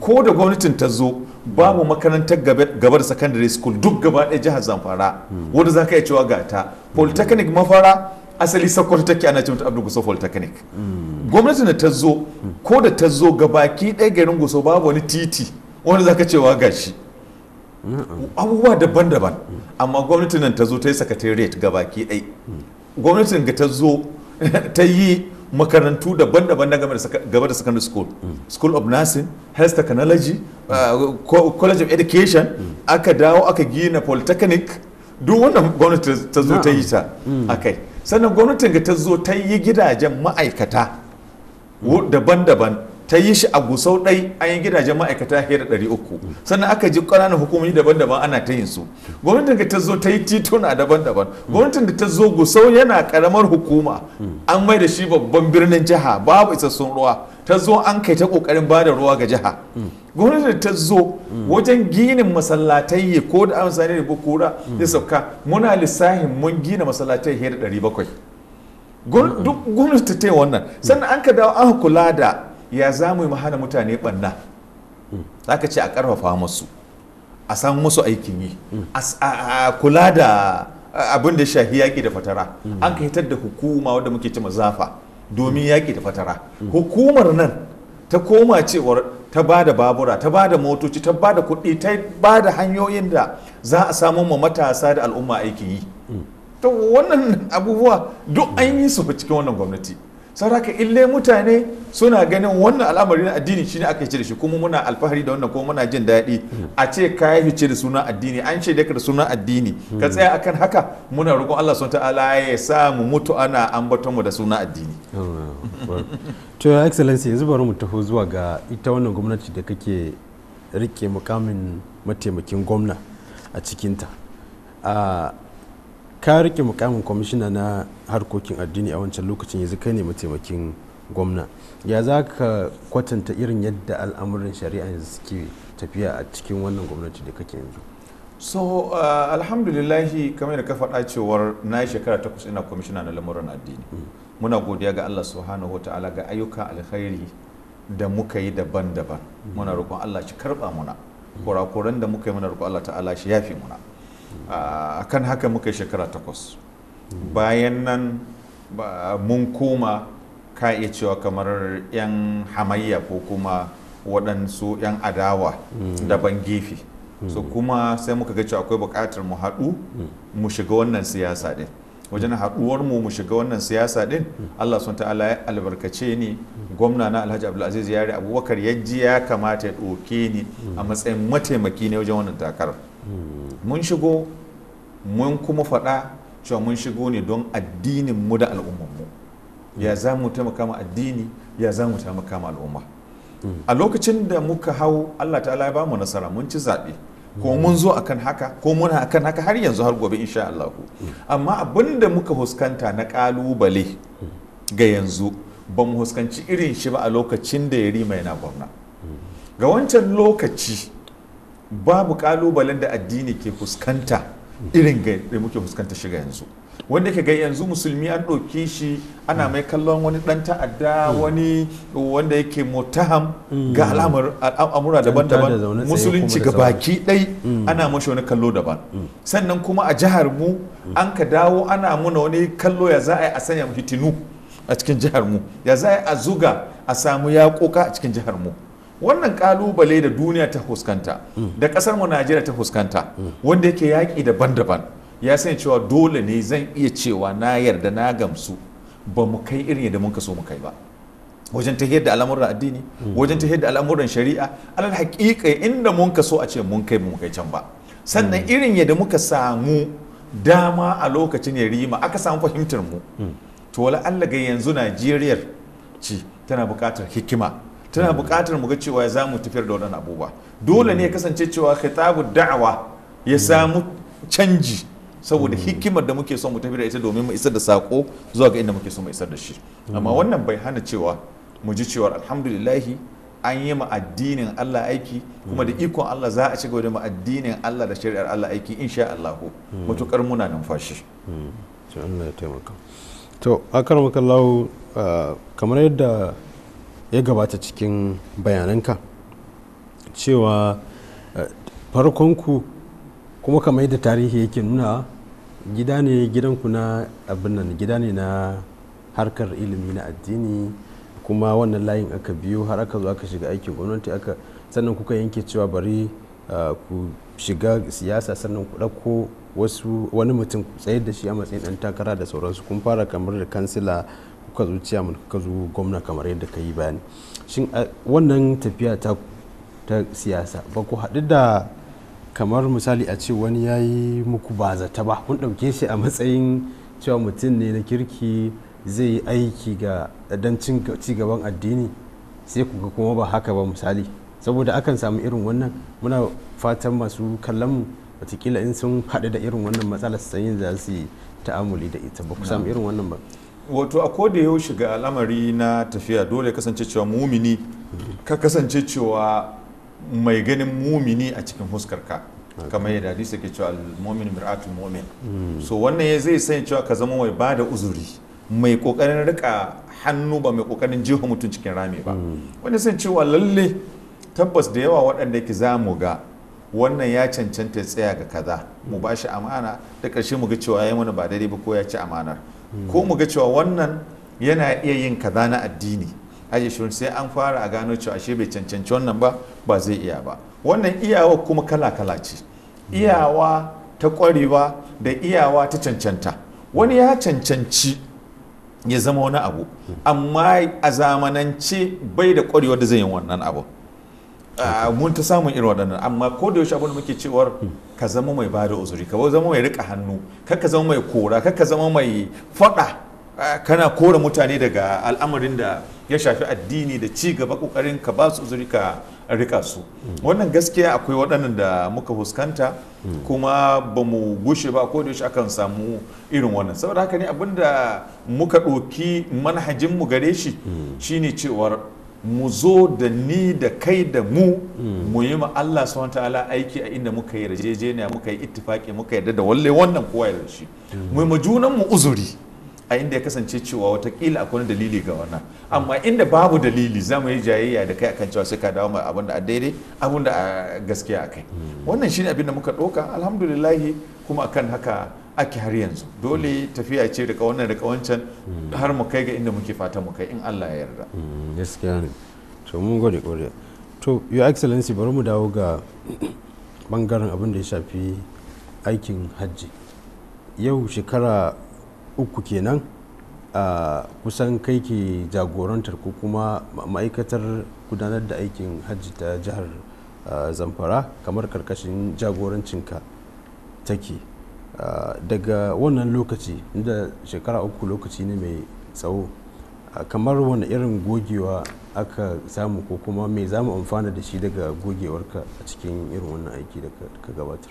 ko da gwamnatin ta zo babu makarantar gaba da secondary school duk gaba ɗaya jihar zamfara wanda za ka iya cewa ga ta polytechnic mafara asali sakwato take ana cewa abdul gusau polytechnic hmm. gwamnatin da ta zo ko da ta zo gabaki ɗaya garin gusau babu wani titi wanda za ka cewa ga shi abubuwa daban-daban amma gwamnatin nan ta zo ta yi secretariat ga baki ɗai gwamnatin ga ta zo ta yi makarantu daban-daban na gaba da secondary school school of nursing health technology uh, college of education aka dawo aka gina polytechnic duk wannan gwamnati ta zo ta yi ta akai sannan gwamnatin ga ta zo ta yi gidajen ma'aikata mm. daban-daban ta yi shi a gusau ɗai an yi gidajen ma'aikata fiye da ɗari uku sannan aka ji ƙananan hukumomi daban-daban ana ta yin su gwamnatin da ta zo ta yi tituna daban-daban gwamnatin da ta zo gusau yana ƙaramar hukuma an mai da shi babban birnin jiha babu isassun ruwa ta zo an kai ta ƙoƙarin ba ruwa ga jiha gwamnatin da ta zo wajen ginin masallatai ko da amsa ne da bukura ya sauka muna lissahin mun gina masallatai fiye da ɗari bakwai gwamnati ta yi wannan sannan an ka dawo an kula da ya za mu yi hana mutane banna za ka ce a karfafa masu a san musu aikin yi a kula da abin da shahi yaƙi da fatara an ka hitar da hukuma wadda muke ci zafa domin yaƙi da fatara hukumar nan ta koma cewar ta ba da babura ta ba da motoci ta ba da kuɗi ta ba da hanyoyin da za a samu ma matasa da al'umma aikin yi to wannan abubuwa duk an yi su cikin wannan gwamnati sauraka ille mutane suna ganin wannan al'amarin addini shine aka ce da shi kuma muna alfahari da wannan kuma muna jin daɗi hmm. a ce ka yi ce da sunan addini an ce da suna addini ka hmm. tsaya akan haka muna roƙon Allah sun ta'ala ya sa mu mutu ana ambaton mu da suna addini to your excellency yanzu bari mu taho zuwa ga ita wannan gwamnati da kake rike mukamin mataimakin gwamna a cikinta ah, ka rike mukamin kwamishina na harkokin addini a wancan lokacin yanzu kai ne mataimakin gwamna ya za ka kwatanta irin yadda al'amuran shari'a yanzu suke tafiya a cikin wannan gwamnati da kake yanzu so uh, alhamdulillahi kamar da ka faɗa cewar na yi shekara takwas ina kwamishina na lamuran addini mm. muna godiya ga allah subhanahu wa ta'ala ga ayyuka alkhairi da muka yi daban-daban mm. muna roƙon allah shi karɓa muna kurakuran da muka yi muna roƙon allah ta'ala shi yafi muna kan haka muka yi shekara takwas bayan nan mun koma ka iya cewa kamar 'yan hamayya ko kuma waɗansu 'yan adawa mm. daban gefe mm. so kuma sai muka ga cewa akwai buƙatar mu haɗu mm. mu shiga wannan siyasa ɗin wajen haɗuwar mu mu shiga wannan siyasa ɗin Allah sun ta'ala ya albarkace ni gwamna na Alhaji Abdulaziz Yari Abubakar ya ji ya kamata ya ɗauke ni a matsayin mataimaki ne wajen wannan takarar mun shigo mun kuma faɗa cewa mun shigo ne don addinin mu da al'ummanmu ya za mu taimaka ma addini ya za mu taimaka ma al'umma a lokacin da muka hau Allah ta'ala ya ba mu nasara mun ci zaɓe ko mun zo akan haka ko muna akan haka har yanzu har gobe insha Allah amma abin da muka huskanta na kalubale ga yanzu ba mu huskanci irin shi ba a lokacin da ya rima yana gwamna ga wancan lokaci babu kalubalen da addini ke fuskanta irin da muke fuskanta shiga yanzu wanda ke ga yanzu musulmi an ɗauki shi ana mm. mai kallon wani ɗan ta'adda mm. wani wanda yake motaham mm. ga al'amura daban-daban musulunci ga baki ɗai ana mashi wani kallo daban sannan kuma a jihar mu an ka dawo ana muna wani kallo ya za a yi a sanya hitinu a cikin jihar mu ya za a zuga a samu yaƙoƙa a cikin jihar mu wannan kalubale da duniya ta fuskanta da kasar mu najeriya ta fuskanta wanda yake yaƙi daban-daban ya sani cewa dole ne zan iya cewa na yarda na gamsu ba mu kai irin yadda mun so mu kai ba wajen ta da al'amuran addini wajen ta da al'amuran shari'a alal haƙiƙa inda mun so a ce mun kai mu kai can ba sannan irin yadda muka samu dama a lokacin yarima aka samu fahimtar mu to wala Allah ga yanzu Najeriya ce tana buƙatar hikima tana buƙatar mu ga cewa za mu tafiyar da waɗannan abubuwa dole ne ya kasance cewa khitabu da'awa ya samu canji saboda hikimar da muke son mu tafi da ita domin mu isar da sako zuwa ga inda muke son mu isar da shi amma wannan bai hana cewa mu ji cewa alhamdulillahi an yi ma addinin Allah aiki kuma da ikon Allah za a ci gaba da ma addinin Allah da shari'ar Allah aiki insha Allah mutukar muna numfashi hmm. to to makallahu ah, kamar yadda ya gabata cikin bayananka cewa eh, farkonku kuma kamar yadda tarihi yake nuna gida ne gidanku na abin nan gida ne na harkar ilimi na addini kuma wannan layin aka biyo har aka zo aka shiga aikin gwamnati aka sannan kuka yanke cewa bari eh, ku shiga siyasa sannan ku ɗauko wasu wani mutum tsayar da shi a matsayin ɗan takara da sauransu kun fara kamar da kansila kuka zo mun kuka zo gwamna kamar yadda ka yi bayani shin eh, wannan tafiya ta ta siyasa ba ku haɗu da kamar misali a ce wani ya yi muku ba zata ba kun ɗauke shi a matsayin cewa mutum ne na kirki zai yi aiki ga dan ci gaban addini sai ku ga kuma ba haka ba misali saboda akan samu irin wannan muna fatan masu kallon mu watakila in sun haɗu da irin wannan matsalar sanyin za su yi ta'amuli da ita ba ku samu irin wannan ba wato a koda yau shiga al'amari na tafiya dole kasance cewa mumini ka kasance cewa mai ganin mumini a cikin huskarka kamar yadda hadisi ke cewa al-mumin mir'atu mumin hmm. so wannan ya zai sanya cewa ka zama mai ba da uzuri mai kokarin rika hannu ba mai kokarin jiho mutum cikin rami ba hmm. wani san cewa lalle tabbas da yawa waɗanda ki za mu ga wannan ya cancanta tsaya ga kaza mu ba shi amana da ƙarshe mu ga cewa ya yi mana ba daidai ba ko ya ci amanar ko mu ga cewa wannan yana iya yin kaza na addini aje shi sai an fara a gano cewa ashe bai cancanci wannan ba ba zai iya ba wannan iyawa kuma kala kala ce iyawa ta kwarewa da iyawa ta cancanta wani ya cancanci ya zama wani abu amma a zamanance bai da ƙwarewa da zai yi wannan abu Ah, mun ta samun irin waɗannan amma ko da yaushe abin muke cewar ka zama mai ba da uzuri ka zama mai rika hannu ka ka zama mai kora ka ka zama mai faɗa ah, kana kora mutane daga al'amarin da ya shafi addini da ci gaba kokarin ka ba su uzuri ka rika su wannan gaskiya akwai waɗannan da muka fuskanta kuma ba mu gushe ba ko da yaushe akan samu irin wannan saboda haka ne abinda muka ɗoki manhajinmu gare shi shine cewar mu zo da ni da kai da mu hmm. mu yi ma Allah subhanahu ta'ala aiki a inda muka yi rajejeniya muka yi ittifaki muka yarda da walle wannan kowa ya shi hmm. mu yi junan mu uzuri a inda ya kasance cewa watakila akwai wani dalili ga wannan amma inda babu dalili za mu yi jayayya da kai akan cewa sai ka dawo mai abin da a daidai abin da a gaskiya a kai hmm. wannan shine abin da muka ɗauka alhamdulillahi kuma akan haka ake har yanzu dole tafiya ce daga wannan daga wancan har mu kai ga inda muke fata mu kai in Allah ya yarda mm, gaskiya ne to mun gode gode to your excellency bari mu dawo ga bangaren abin da ya shafi aikin hajji yau shekara uku kenan a kusan kai ke jagorantar ko kuma ma'aikatar gudanar da aikin hajji ta jihar zamfara kamar karkashin jagorancinka take Ah, daga wannan lokaci inda shekara uku lokaci ne mai tsawo ah, kamar wani irin gogewa aka samu ko kuma me za mu amfana da shi daga gogewarka a cikin irin wannan aiki da ka gabatar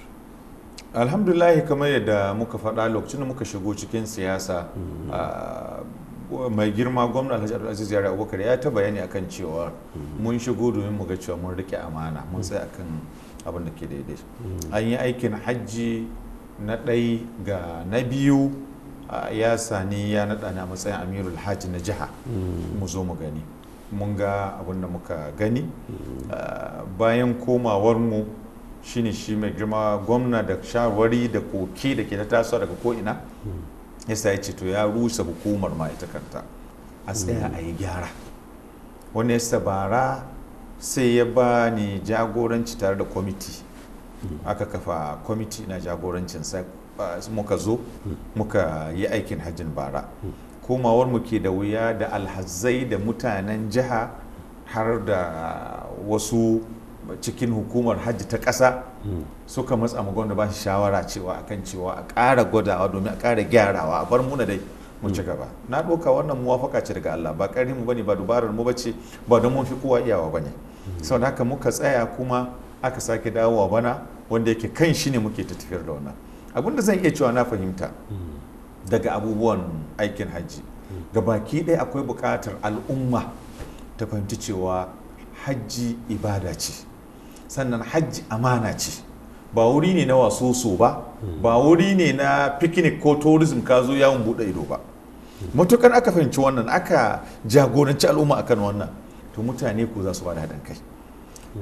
alhamdulahi kamar yadda muka faɗa lokacin da muka shigo cikin siyasa mm-hmm. ah, mai girma gwamna alhaji abdulaziz yari abubakar ya ta bayani akan cewa mm-hmm. mun shigo domin mu ga cewa mun rike amana mun tsaya akan abin da ke daidai mm-hmm. an yi aikin hajji na ɗai ga na biyu ya sani ya naɗa na matsayin amirul hajji na jiha mm. mu zo mu gani mun ga abin da muka gani mm. bayan komawar mu shine shi mai girma gwamna da shawari da koke da ke ta daga ko'ina mm. yasa ya ce to ya rusa hukumar ma ita kanta a tsaya a yi gyara wani yasa bara sai ya ba ni jagoranci tare da kwamiti aka kafa kwamiti na jagorancin sa muka zo muka yi aikin hajjin bara komawar mu ke da wuya da alhazai da mutanen jiha har da wasu cikin hukumar hajji ta ƙasa suka matsa mu gwamna ba shawara cewa akan cewa a ƙara gwadawa domin a ƙara gyarawa a bar muna dai mu ci gaba na ɗauka wannan muwafaka ce daga Allah ba ƙarfin mu bane ba dubarar mu bace ba don mun fi kowa iyawa bane saboda haka muka tsaya kuma aka sake dawowa bana wanda yake kan shi ne muke ta tafiyar da wannan abin da zan iya cewa na fahimta daga abubuwan aikin hajji ga baki ɗaya akwai buƙatar al'umma ta fahimci cewa hajji ibada ce sannan hajji amana ce ba wuri ne na so ba ba wuri ne na picnic ko tourism ka zo yawon buɗe ido ba matukar aka fahimci wannan aka jagoranci al'umma akan wannan to mutane ku za su ba da haɗin kai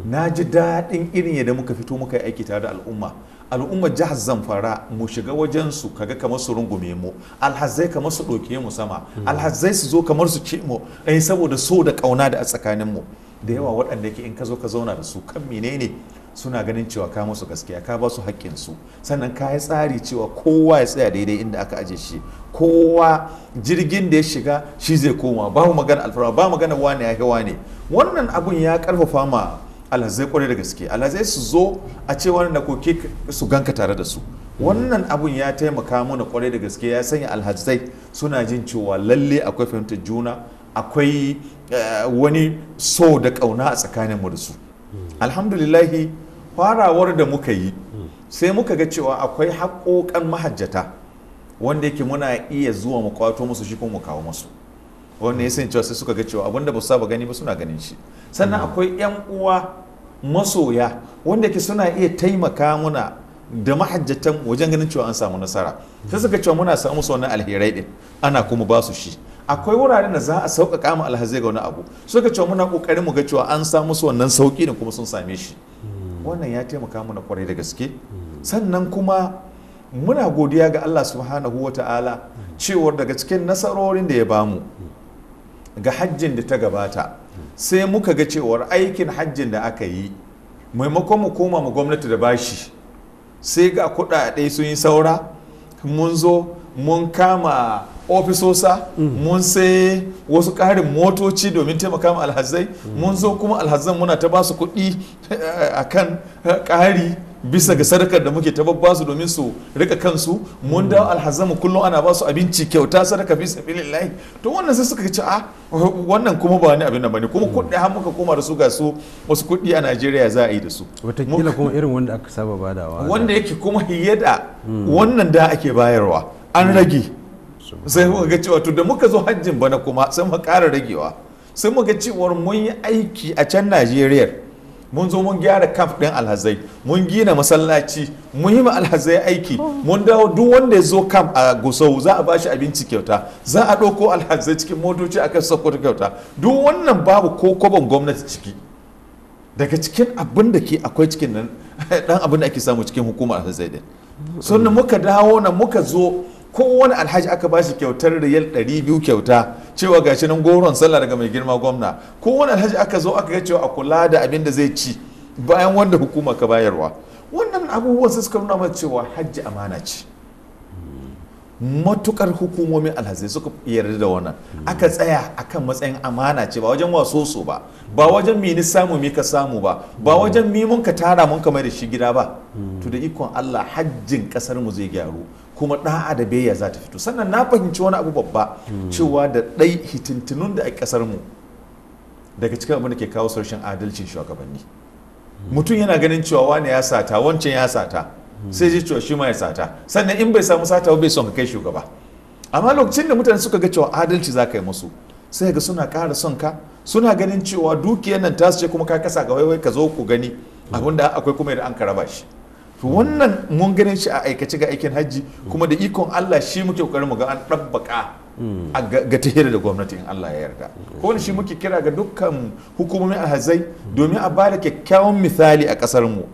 na ji daɗin irin yadda muka fito muka yi aiki tare da al'umma Al'umma jihar zamfara mu shiga wajen su kaga kamar su rungume mu alhazai kamar su ɗauke mu sama mm. alhazai su zo kamar su ce mu ai eh, saboda so da ƙauna da a tsakanin mu da yawa waɗanda ke in ka zo ka zauna da su kan menene suna ganin cewa ka musu gaskiya ka ba su haƙƙinsu sannan ka yi tsari cewa kowa ya tsaya daidai inda aka aje shi kowa jirgin da ya shiga shi zai koma babu magana alfarma ba magana wane ya wane wannan abun ya karfafa ma alhazai kwarai da gaske alhazai su zo a ce wani na koke su ganka tare da su wannan abun ya taimaka mana kwarai da gaske ya sanya alhazai suna jin cewa lalle akwai fahimtar juna akwai eh, wani so da kauna a mu da su alhamdulillahi farawar da muka yi sai muka ga cewa akwai haƙoƙan mahajjata wanda yake muna iya zuwa mu kwato musu shi kuma mu kawo musu wanda ya cewa sai suka ga cewa abinda ba su saba gani ba suna ganin shi sannan mm. akwai 'yan uwa masoya wanda ke suna iya taimaka muna da mahajjatan wajen ganin cewa an samu nasara sai suka cewa muna samu musu wannan alherai din ana kuma ba su shi akwai wuraren da za a sauƙaƙa mu alhazai ga wani abu suka cewa muna ƙoƙarin mu ga cewa an samu su wannan sauƙi ne kuma sun same shi wannan ya taimaka mana kwarai da gaske sannan kuma muna godiya ga Allah subhanahu wa cewar daga cikin nasarorin da ya bamu ga hajjin da ta gabata sai muka ga cewar aikin hajjin da aka yi maimakon mu koma mu gwamnati da bashi sai ga kudade sun yi saura mun zo mun kama ofisosa mm. mun sai wasu karin motoci domin taimaka ma alhazai mun zo kuma alhazan muna ta basu kudi kuɗi eh, a eh, ƙari bisa ga sadakar da muke ta su domin su rika kansu mun dawo alhazamu kullum ana ba su abinci kyauta sadaka fi sabilillahi to wannan sai suka ci a ah, wannan kuma ba wani abin da bane kuma kuɗi har muka koma da su ga su wasu kuɗi a Najeriya za a yi da su wataƙila kuma irin wanda aka saba badawa wanda yake kuma yada hmm. wannan da ake bayarwa an hmm. rage sai muka ga cewa to da muka zo hajjin bana kuma sai muka ƙara ragewa sai muka ga cewa mun yi aiki a can Najeriya mun zo mun gyara kamf ɗin alhazai mun gina masallaci mun yi alhazai aiki mun dawo duk wanda ya zo kamf a gusau za a bashi abinci kyauta za a ɗauko alhazai cikin motoci a kan sokoto kyauta duk wannan babu ko kwabon gwamnati ciki daga cikin abin da ke akwai cikin nan dan abin da ake samu cikin hukumar alhazai din sannan muka dawo na muka zo kowane alhaji aka bashi kyautar riyal 200 kyauta cewa gashi nan goron sallah daga mai girma gwamna ko wani alhaji aka zo aka ga cewa a kula da abin da zai ci bayan wanda hukuma ka bayarwa wannan abubuwan suka nuna mana cewa hajji amana ce matukar hukumomin alhazai suka yarda da wannan aka tsaya akan matsayin amana ce ba wajen waso so ba ba wajen mi ni samu mi ka samu ba ba wajen mi mun ka tara mun ka mai da shi gida ba to da ikon Allah hajjin kasar mu zai gyaru kuma da'a da biyayya za ta fito sannan na fahimci wani abu babba cewa da ɗai hitintunun da a ƙasar mu daga cikin abin da ke kawo sarshen adalcin shugabanni mutum yana ganin cewa wani ya sata wancan ya sata sai ji cewa shi ma ya sata sannan in bai samu sata bai son ka kai shugaba amma lokacin da mutane suka ga cewa adalci za ka yi musu sai ga suna kara son ka suna ganin cewa dukiyar nan tasu ce kuma ka kasa ga waiwai ka zo ku gani abinda akwai kuma idan an ka shi to wannan mun ganin shi a aikace ga aikin hajji kuma da ikon Allah shi muke kokarin mu ga an dabbaka ga tahira da gwamnati in Allah ya yarda ko wani shi muke kira ga dukkan hukumomin alhazai domin a bada kyakkyawan misali a kasar mu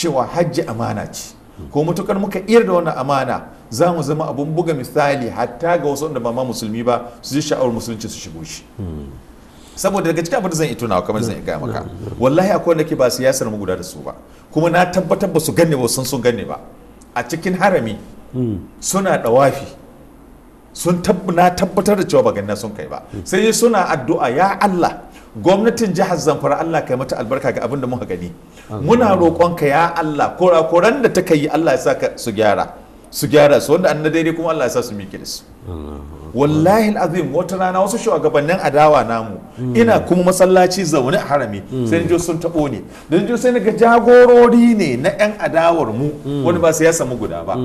cewa hajji amana ce ko matukar muka iya da wannan amana za mu zama abun buga misali hatta ga wasu wanda ba ma musulmi ba su ji sha'awar musulunci su shigo shi saboda daga cikin abin da zan yi tunawa kamar zan yi gaya maka wallahi akwai wanda ke ba siyasar mu guda da su ba kuma na tabbatar ba su gane ba sun sun gane ba a cikin harami suna dawafi sun na tabbatar da cewa ba ganna sun kai ba sai suna addu'a ya Allah gwamnatin jihar zamfara Allah kai mata albarka ga abin da muka gani muna roƙonka ya Allah koran da ta kai Allah ya sa su gyara su gyara su wanda an na daidai kuma Allah ya sa su miƙe da su wallahi azim wata rana wasu shugabannin adawa namu ina kuma masallaci zaune a harami sai sun tabo ne da sai naga jagorori ne na yan adawar mu wani ba siyasa mu guda ba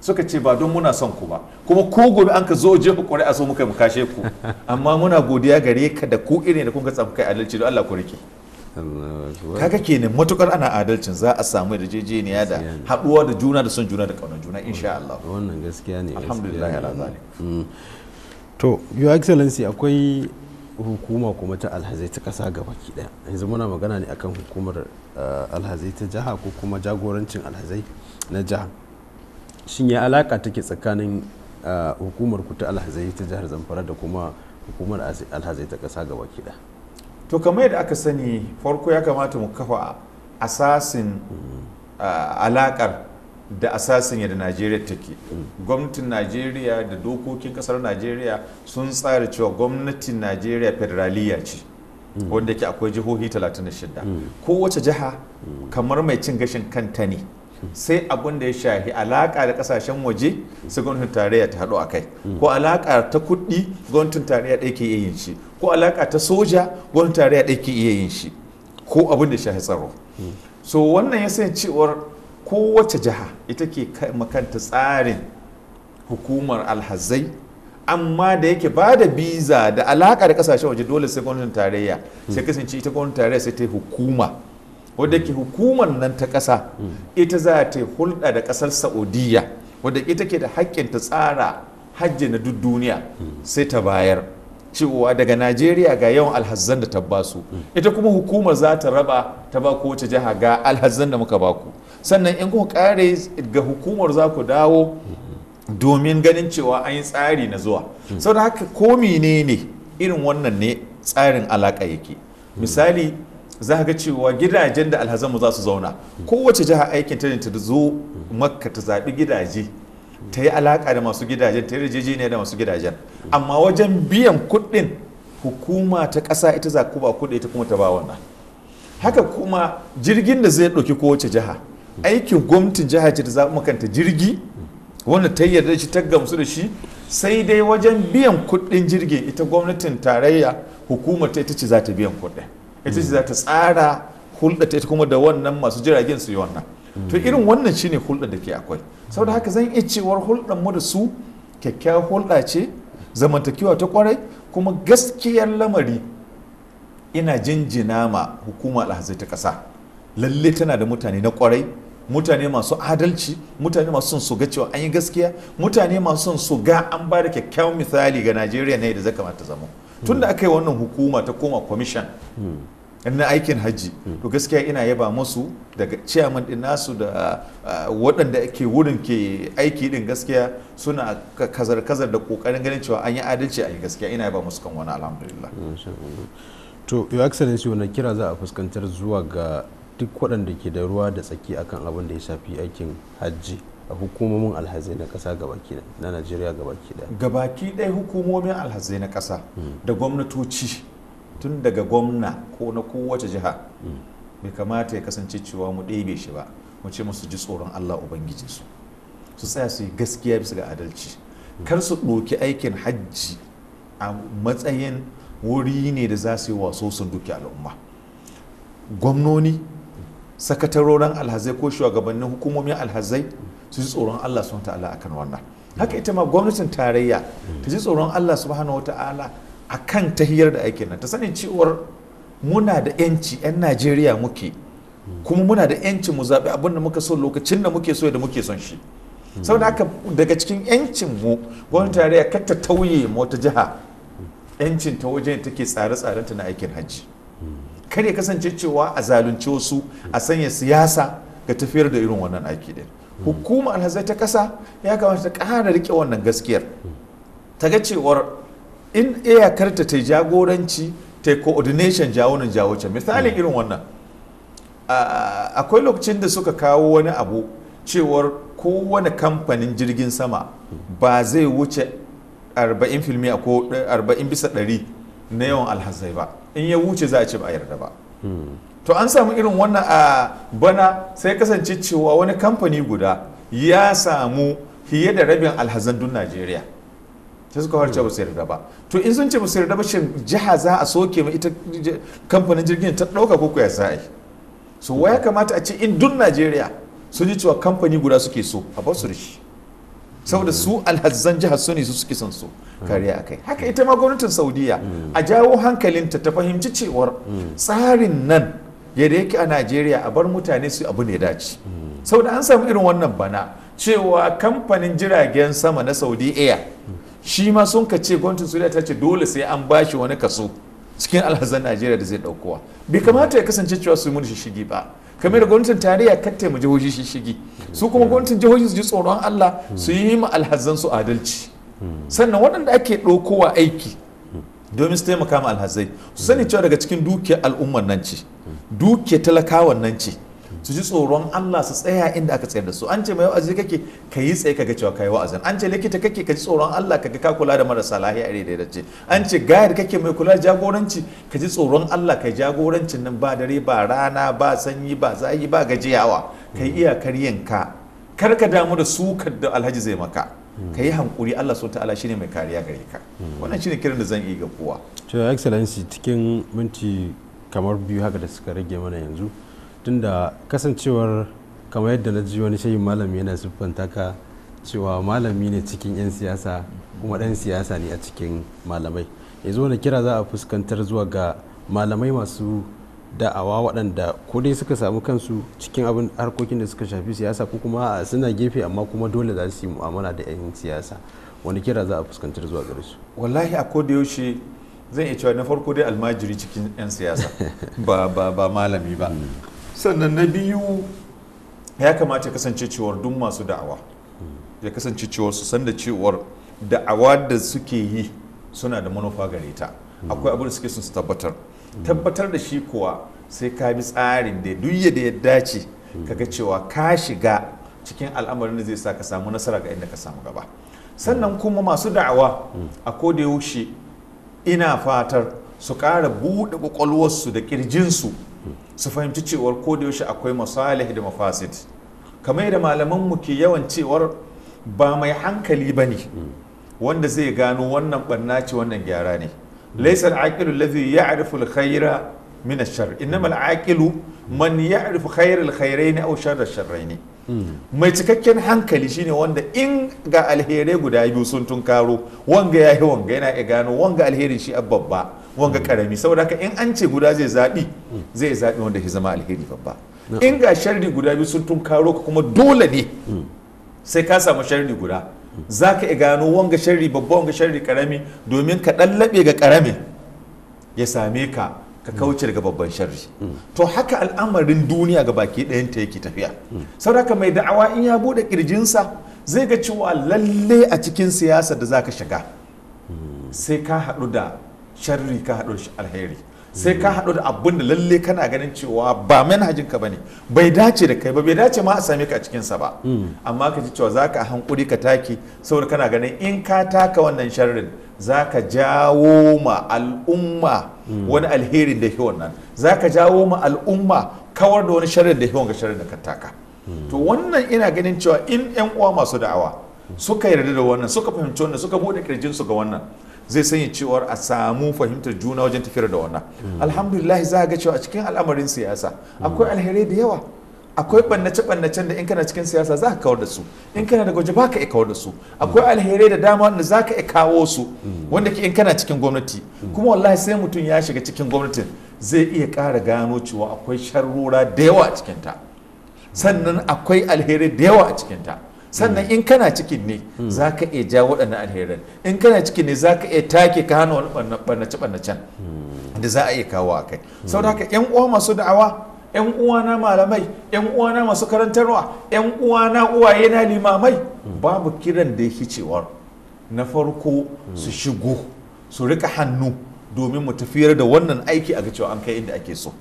suka ce ba don muna son ku ba kuma ko gobe an ka zo je ku a so muka mu kashe ku amma muna godiya gare ka da ku irin da kun ka tsamu kai adalci don Allah ku rike kaga kenan matukar ana adalcin za a samu yarjejeniya da haduwa da juna da son juna da ƙaunar juna insha Allah wannan gaskiya ne alhamdulillah ala to your excellency akwai hukuma kuma ta alhazai ta kasa gaba daya yanzu muna magana ne akan hukumar eh, alhazai ta jiha ko kuma jagorancin alhazai na jiha shin ya alaka take tsakanin eh, hukumar ku ta alhazai ta jihar zamfara da kuma hukumar alhazai ta kasa gaba daya to kamar yadda aka sani farko ya kamata mu kafa asasin mm. eh, alakar da asasin da najeriya take gwamnatin najeriya da dokokin kasar najeriya sun tsara cewa gwamnatin najeriya federaliya ce wanda yake akwai jihohi 36 kowace jiha kamar mai cin gashin kanta ne sai abin da ya shahi alaka da kasashen waje su gwamnatin tarayya ta haɗu a kai ko alaƙa ta kuɗi gwamnatin tarayya ɗaya ke yin shi ko alaƙa ta soja gwamnatin tarayya ɗaya ke yin shi ko abin da ya shahi tsaro so wannan ya san cewar kowace jiha ita ke makanta tsarin hukumar alhazai amma da yake ba da biza da alaƙa da kasashen waje dole sai gwamnatin tarayya sai hmm. kasance ita gwamnatin tarayya sai ta hukuma wadda ke hukumar nan ta ƙasa hmm. ita za ta hulɗa da ƙasar saudiya wadda ita ke da haƙƙin ta tsara hajji na duk duniya hmm. sai ta bayar cewa daga najeriya ga yawan alhazan da ta basu ita kuma hukumar za ta raba ta ba kowace jiha ga alhazan da muka ba ku. sannan in kuka kare ga hukumar za ku dawo domin ganin cewa an yi tsari na zuwa da haka ko ne irin wannan ne tsarin alaka yake misali za ga cewa gidajen da alhazanmu za su zauna kowace jiha aikin ta ta zo makka ta zaɓi gidaje ta yi alaƙa da masu gidajen ta yi ne da masu gidajen amma wajen biyan kuɗin hukuma ta ƙasa ita za ku ba kuɗi ita kuma ta ba wannan haka kuma jirgin da zai ɗauki kowace jiha aikin gwamnatin jihar ce ta zaɓi makanta jirgi wanda ta yarda shi ta gamsu da shi sai dai wajen biyan kuɗin jirgin ita gwamnatin tarayya hukumar ta ita ce za ta biyan kuɗin ita ce za ta tsara hulɗa ta ita kuma da wannan masu jiragen su yi wannan to irin wannan shine hulɗa da ke akwai saboda haka zan iya cewar hulɗar mu da su kyakkyawar hulɗa ce zamantakewa ta kwarai kuma gaskiyar lamari ina jinjina ma hukumar alhazai ta ƙasa lalle tana da mutane na kwarai mutane masu adalci mutane masu son su ga cewa an yi gaskiya mutane masu son su ga an ba da kyakkyawan misali ga najeriya ne da zai kamata zama tun da aka yi wannan hukuma ta koma kwamishan na aikin hajji to gaskiya ina yaba musu daga ciyaman din nasu da ah, waɗanda ke wurin ke aiki din gaskiya suna kazar-kazar da kokarin ganin cewa an yi adalci a yi gaskiya ina yaba musu kan wani alhamdulillah to your excellency wani kira za a fuskantar zuwa ga duk waɗanda ke da ruwa da tsaki akan abin da ya shafi aikin hajji a hukumomin alhazai na ƙasa gabaki na najeriya gabaki ɗaya gabaki ɗaya hukumomin alhazai na ƙasa hmm. da gwamnatoci tun daga gwamna ko na kowace jiha hmm. bai kamata ya kasance cewa mu ɗebe shi ba mu ce musu ji tsoron allah ubangiji su su tsaya su yi gaskiya bisa ga adalci hmm. kar su ɗoki aikin hajji a matsayin wuri ne da za su yi wasu sun duki al'umma gwamnoni sakatarorin alhazai ko shugabannin hukumomin alhazai su ji tsoron Allah subhanahu ta'ala akan wannan haka ita ma gwamnatin tarayya ta ji tsoron Allah subhanahu ta'ala akan tahiyar da aikin nan ta sanin cewar muna da yanci yan Najeriya muke kuma muna da yanci mu zabi abin da muka so lokacin da muke so da muke son shi saboda haka daga cikin yancin mu gwamnatin tarayya kar ta tauye wata jiha yancin ta wajen take tsare-tsarenta na aikin hajji kar kasance cewa a zalunci wasu a sanya siyasa ga tafiyar da irin wannan aiki din hukuma alhazai ta kasa ya kamata ta ƙara rike wannan gaskiyar ta ga cewar in iyakarta ta jagoranci ta coordination jawo can misalin hmm. irin wannan akwai lokacin da suka kawo wani abu cewar kowane kamfanin jirgin sama ba zai wuce 40 filmi ko 40 eh, bisa 100 na yawan alhazai ba in ya wuce za a ce ba a yarda ba hmm. to an samu irin wannan a bana sai kasance cewa wani kamfani guda ya samu fiye da rabin alhazandun najeriya sai suka harce ba su yarda ba to in sun ce ba su yarda ba shi jiha za a soke ma ita kamfanin jirgin ta ɗauka ko ya za a so waya kamata a ce in dun najeriya sun ji cewa kamfani guda suke so a basu da shi saboda su alhazzan jihar su ne su suke son su a kai haka ita ma gwamnatin saudiya a jawo hankalinta ta fahimci cewar tsarin nan yadda yake a najeriya a bar mutane su abu ne dace saboda an samu irin wannan bana cewa kamfanin jiragen sama na saudi air shi ma sun ka ce gwamnatin saudiya ta ce dole sai an bashi wani kaso cikin alhazan najeriya da zai daukowa bai kamata ya kasance cewa su yi mun shishigi ba kamar da gwamnatin tarayya kattai mu jihohi shishigi su kuma gwamnatin jihohi su ji tsoron Allah su yi ma alhazan su adalci sannan waɗanda ake ɗaukowa aiki domin su taimaka ma alhazai su sani cewa daga cikin dukiyar al'ummar nan ce dukiyar talakawan nan ce su ji tsoron Allah su tsaya inda aka tsayar da su an ce mai wa'azi kake ka yi tsaye kaga cewa kai wa'azin an ce likita kake ka ji tsoron Allah kaga ka kula da marasa lahiya a da ce an ce gayar kake mai kula da jagoranci ka ji tsoron Allah kai jagorancin nan ba dare ba rana ba sanyi ba zayi ba gajiyawa kai iyakar ka kar ka damu da sukar da Alhaji zai maka ka yi hankuri Allah so ta'ala shine mai kariya gare ka wannan shine kiran da zan yi ga kowa to excellency cikin minti kamar biyu haka da suka rage mana yanzu tunda kasancewar kamar yadda na ji wani shayin malami yana siffanta ka cewa malami ne cikin 'yan siyasa kuma ɗan siyasa ne a cikin malamai yanzu wani kira za a fuskantar zuwa ga malamai masu da'awa waɗanda ko dai suka samu kansu cikin abin harkokin da suka shafi siyasa ko kuma suna gefe amma kuma dole za su yi mu'amala da 'yan siyasa wani kira za a fuskantar zuwa gare su wallahi a koda yaushe zan iya cewa na farko dai almajiri cikin 'yan siyasa ba malami ba mm. sannan na biyu ya kamata ya kasance cewar duk masu da'awa ya kasance cewar su san da cewar da'awa da suke yi suna da manufa gare ta akwai abin da suke sun tabbatar tabbatar da shi kuwa sai ka bi tsarin da duk yadda ya dace kaga cewa ka shiga cikin al'amarin da zai sa ka samu nasara ga inda ka samu gaba sannan kuma masu da'awa a koda yaushe ina fatar su ƙara buɗe ƙwaƙwalwarsu da ƙirjinsu su fahimci cewar ko da yaushe akwai masalih da mafasid kamar da malaman mu ke yawan cewar ba mai hankali ba ne wanda zai gano wannan barna ce wannan gyara ne laysa al-aqilu alladhi ya'rifu al-khayra min ash-sharr innama al-aqilu man ya'rifu khayra al-khayrayn aw sharra ash-sharrayn mai cikakken hankali shine wanda in ga alherai guda biyu sun tunkaro wanga yayi wanga yana iya gano wanga alherin shi babba wanga mm. karami saboda haka in an ce guda zai zaɓi mm. zai zaɓi wanda ya zama alheri babba in ga sharri guda biyu sun tun karo ka kuma dole ne mm. sai ka samu sharri guda za ka iya gano wanga sharri babba wanga sharri karami domin ka ɗallaɓe ga karami ya same ka ka kauce daga babban sharri to haka al'amarin duniya ga baki ɗayan ta yake tafiya saboda mai da'awa in ya buɗe kirjinsa zai ga cewa lalle a cikin siyasa da za ka shiga sai ka haɗu da sharri ka haɗo da alheri sai ka haɗu da abin da lalle kana ganin cewa ba manhajin ka bane bai dace da kai ba bai dace ma a same ka a cikin sa ba amma ka ji cewa zaka hankuri ka taki saboda kana ganin in ka taka wannan sharrin zaka jawo ma al'umma wani alherin da ke wannan zaka jawo ma al'umma kawar da wani sharrin da ke wanga sharrin da ka taka to wannan ina ganin cewa in yan uwa masu da'awa suka yarda da wannan suka fahimci wannan suka bude kirjin su ga wannan zai sanya cewar a samu fahimtar juna wajen tafiyar da wannan alhamdulillah za ga cewa a cikin al'amarin siyasa akwai alherai da yawa akwai bannace-bannacen da in kana cikin siyasa za ka kawar da su in kana da gwaje ba ka kawar da su akwai alherai da dama da za ka kawo su wanda ke in kana cikin gwamnati kuma wallahi sai mutum ya shiga cikin gwamnatin zai iya kara gano cewa akwai sharrura da yawa a cikinta sannan akwai alherai da yawa a cikinta sannan in kana cikin ne hmm. za ka iya ja waɗannan alheran in kana cikin ne za ka iya take ka hana wani ɓannace hmm. da za a iya kawo a kai hmm. sau da haka yan uwa masu da'awa yan uwana malamai yan uwana masu karantarwa yan uwana uwaye na limamai babu kiran da yake cewar na farko su shigo su rika hannu domin mu tafiyar da wannan aiki a ga cewa an kai inda ake so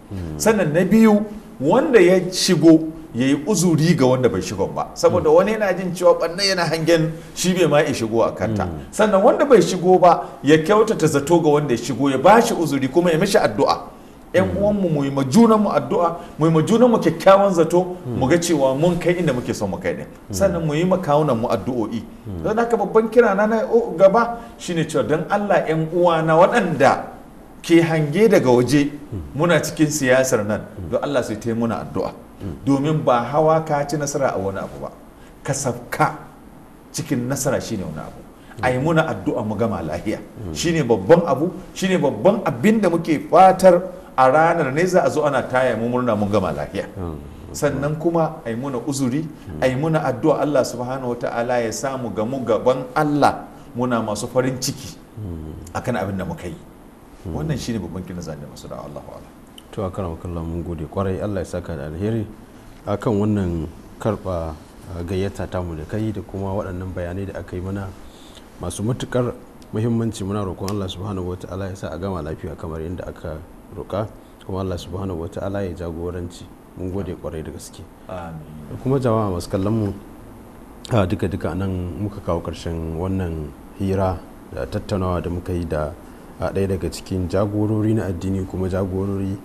sannan na biyu wanda ya shigo ya yi uzuri ga wanda bai shigo ba saboda hmm. wani yana jin cewa ɓanna yana hangen shi bai ma ya shigo a kanta hmm. sannan wanda bai shigo ba ya kyautata zato ga wanda ya shigo ya bashi uzuri kuma ya mishi addu'a yan hmm. uwanmu mu yi ma junanmu addu'a mu yi ma junanmu kyakkyawan zato mu ga cewa mun kai inda muke son mu kai ne. sannan mu yi ma kawunan mu addu'o'i don haka babban kira na na gaba shine cewa don Allah yan uwa na waɗanda ke hange daga waje muna cikin siyasar nan don Allah sai ta yi muna addu'a domin ba hawa ka ci nasara a wani abu ba ka sabka cikin nasara shine wani abu a yi muna addu'a mu gama lahiya shine babban abu shine babban abin da muke fatar a ranar ne za a zo ana taya mu murna mun gama lahiya sannan kuma a yi muna uzuri a yi muna addu'a Allah subhanahu wa ta'ala ya samu mu gaban Allah muna masu farin ciki akan abin da muka yi wannan shine babban kiran zan masu da Allah to a karama mun gode kwarai allah ya saka da alheri akan wannan karba gayyata tamu da kai da kuma waɗannan bayanai da aka yi mana masu matukar muhimmanci muna roƙon allah subhanahu wa ta'ala ya sa a gama lafiya kamar yadda aka roƙa kuma allah subhanahu wa ta'ala ya jagoranci mun gode kwarai da gaske kuma jama'a masu kallon mu duka duka nan muka kawo ƙarshen wannan hira da tattaunawa da muka yi da ɗaya daga cikin jagorori na addini kuma jagorori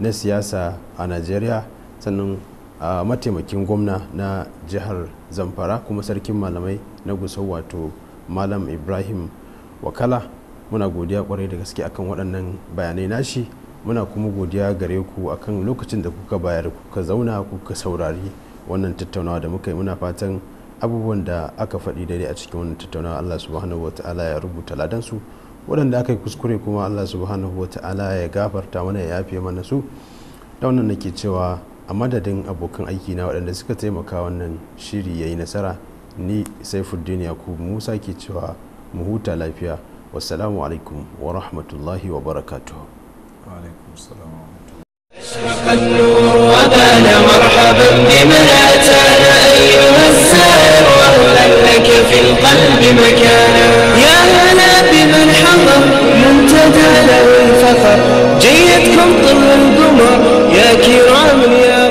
na siyasa a najeriya sannan a mataimakin gwamna na jihar zamfara kuma sarkin malamai na gusau wato malam ibrahim wakala muna godiya kwarai da gaske akan waɗannan bayanai nashi muna kuma godiya gare ku akan lokacin da kuka bayar kuka zauna kuka saurari wannan tattaunawa da muka yi muna fatan abubuwan da aka faɗi daidai a cikin wannan tattaunawa allah subhanahu wa ta'ala ya rubuta ladansu waɗanda aka yi kuskure kuma allah subhanahu wa ta'ala ya gafarta mana ya yafe mana su da wannan nake cewa a madadin abokan aiki na waɗanda suka taimaka wannan shiri ya yi nasara ni saifuddin yakub musa ke cewa mu huta lafiya wasalamu alaikum wa rahmatullahi wa barakatuhu أيها السائر أهلا لك في القلب مكانا يا هلا بمن حضر منتدى له الفخر جيدكم طر القمر يا كرام يا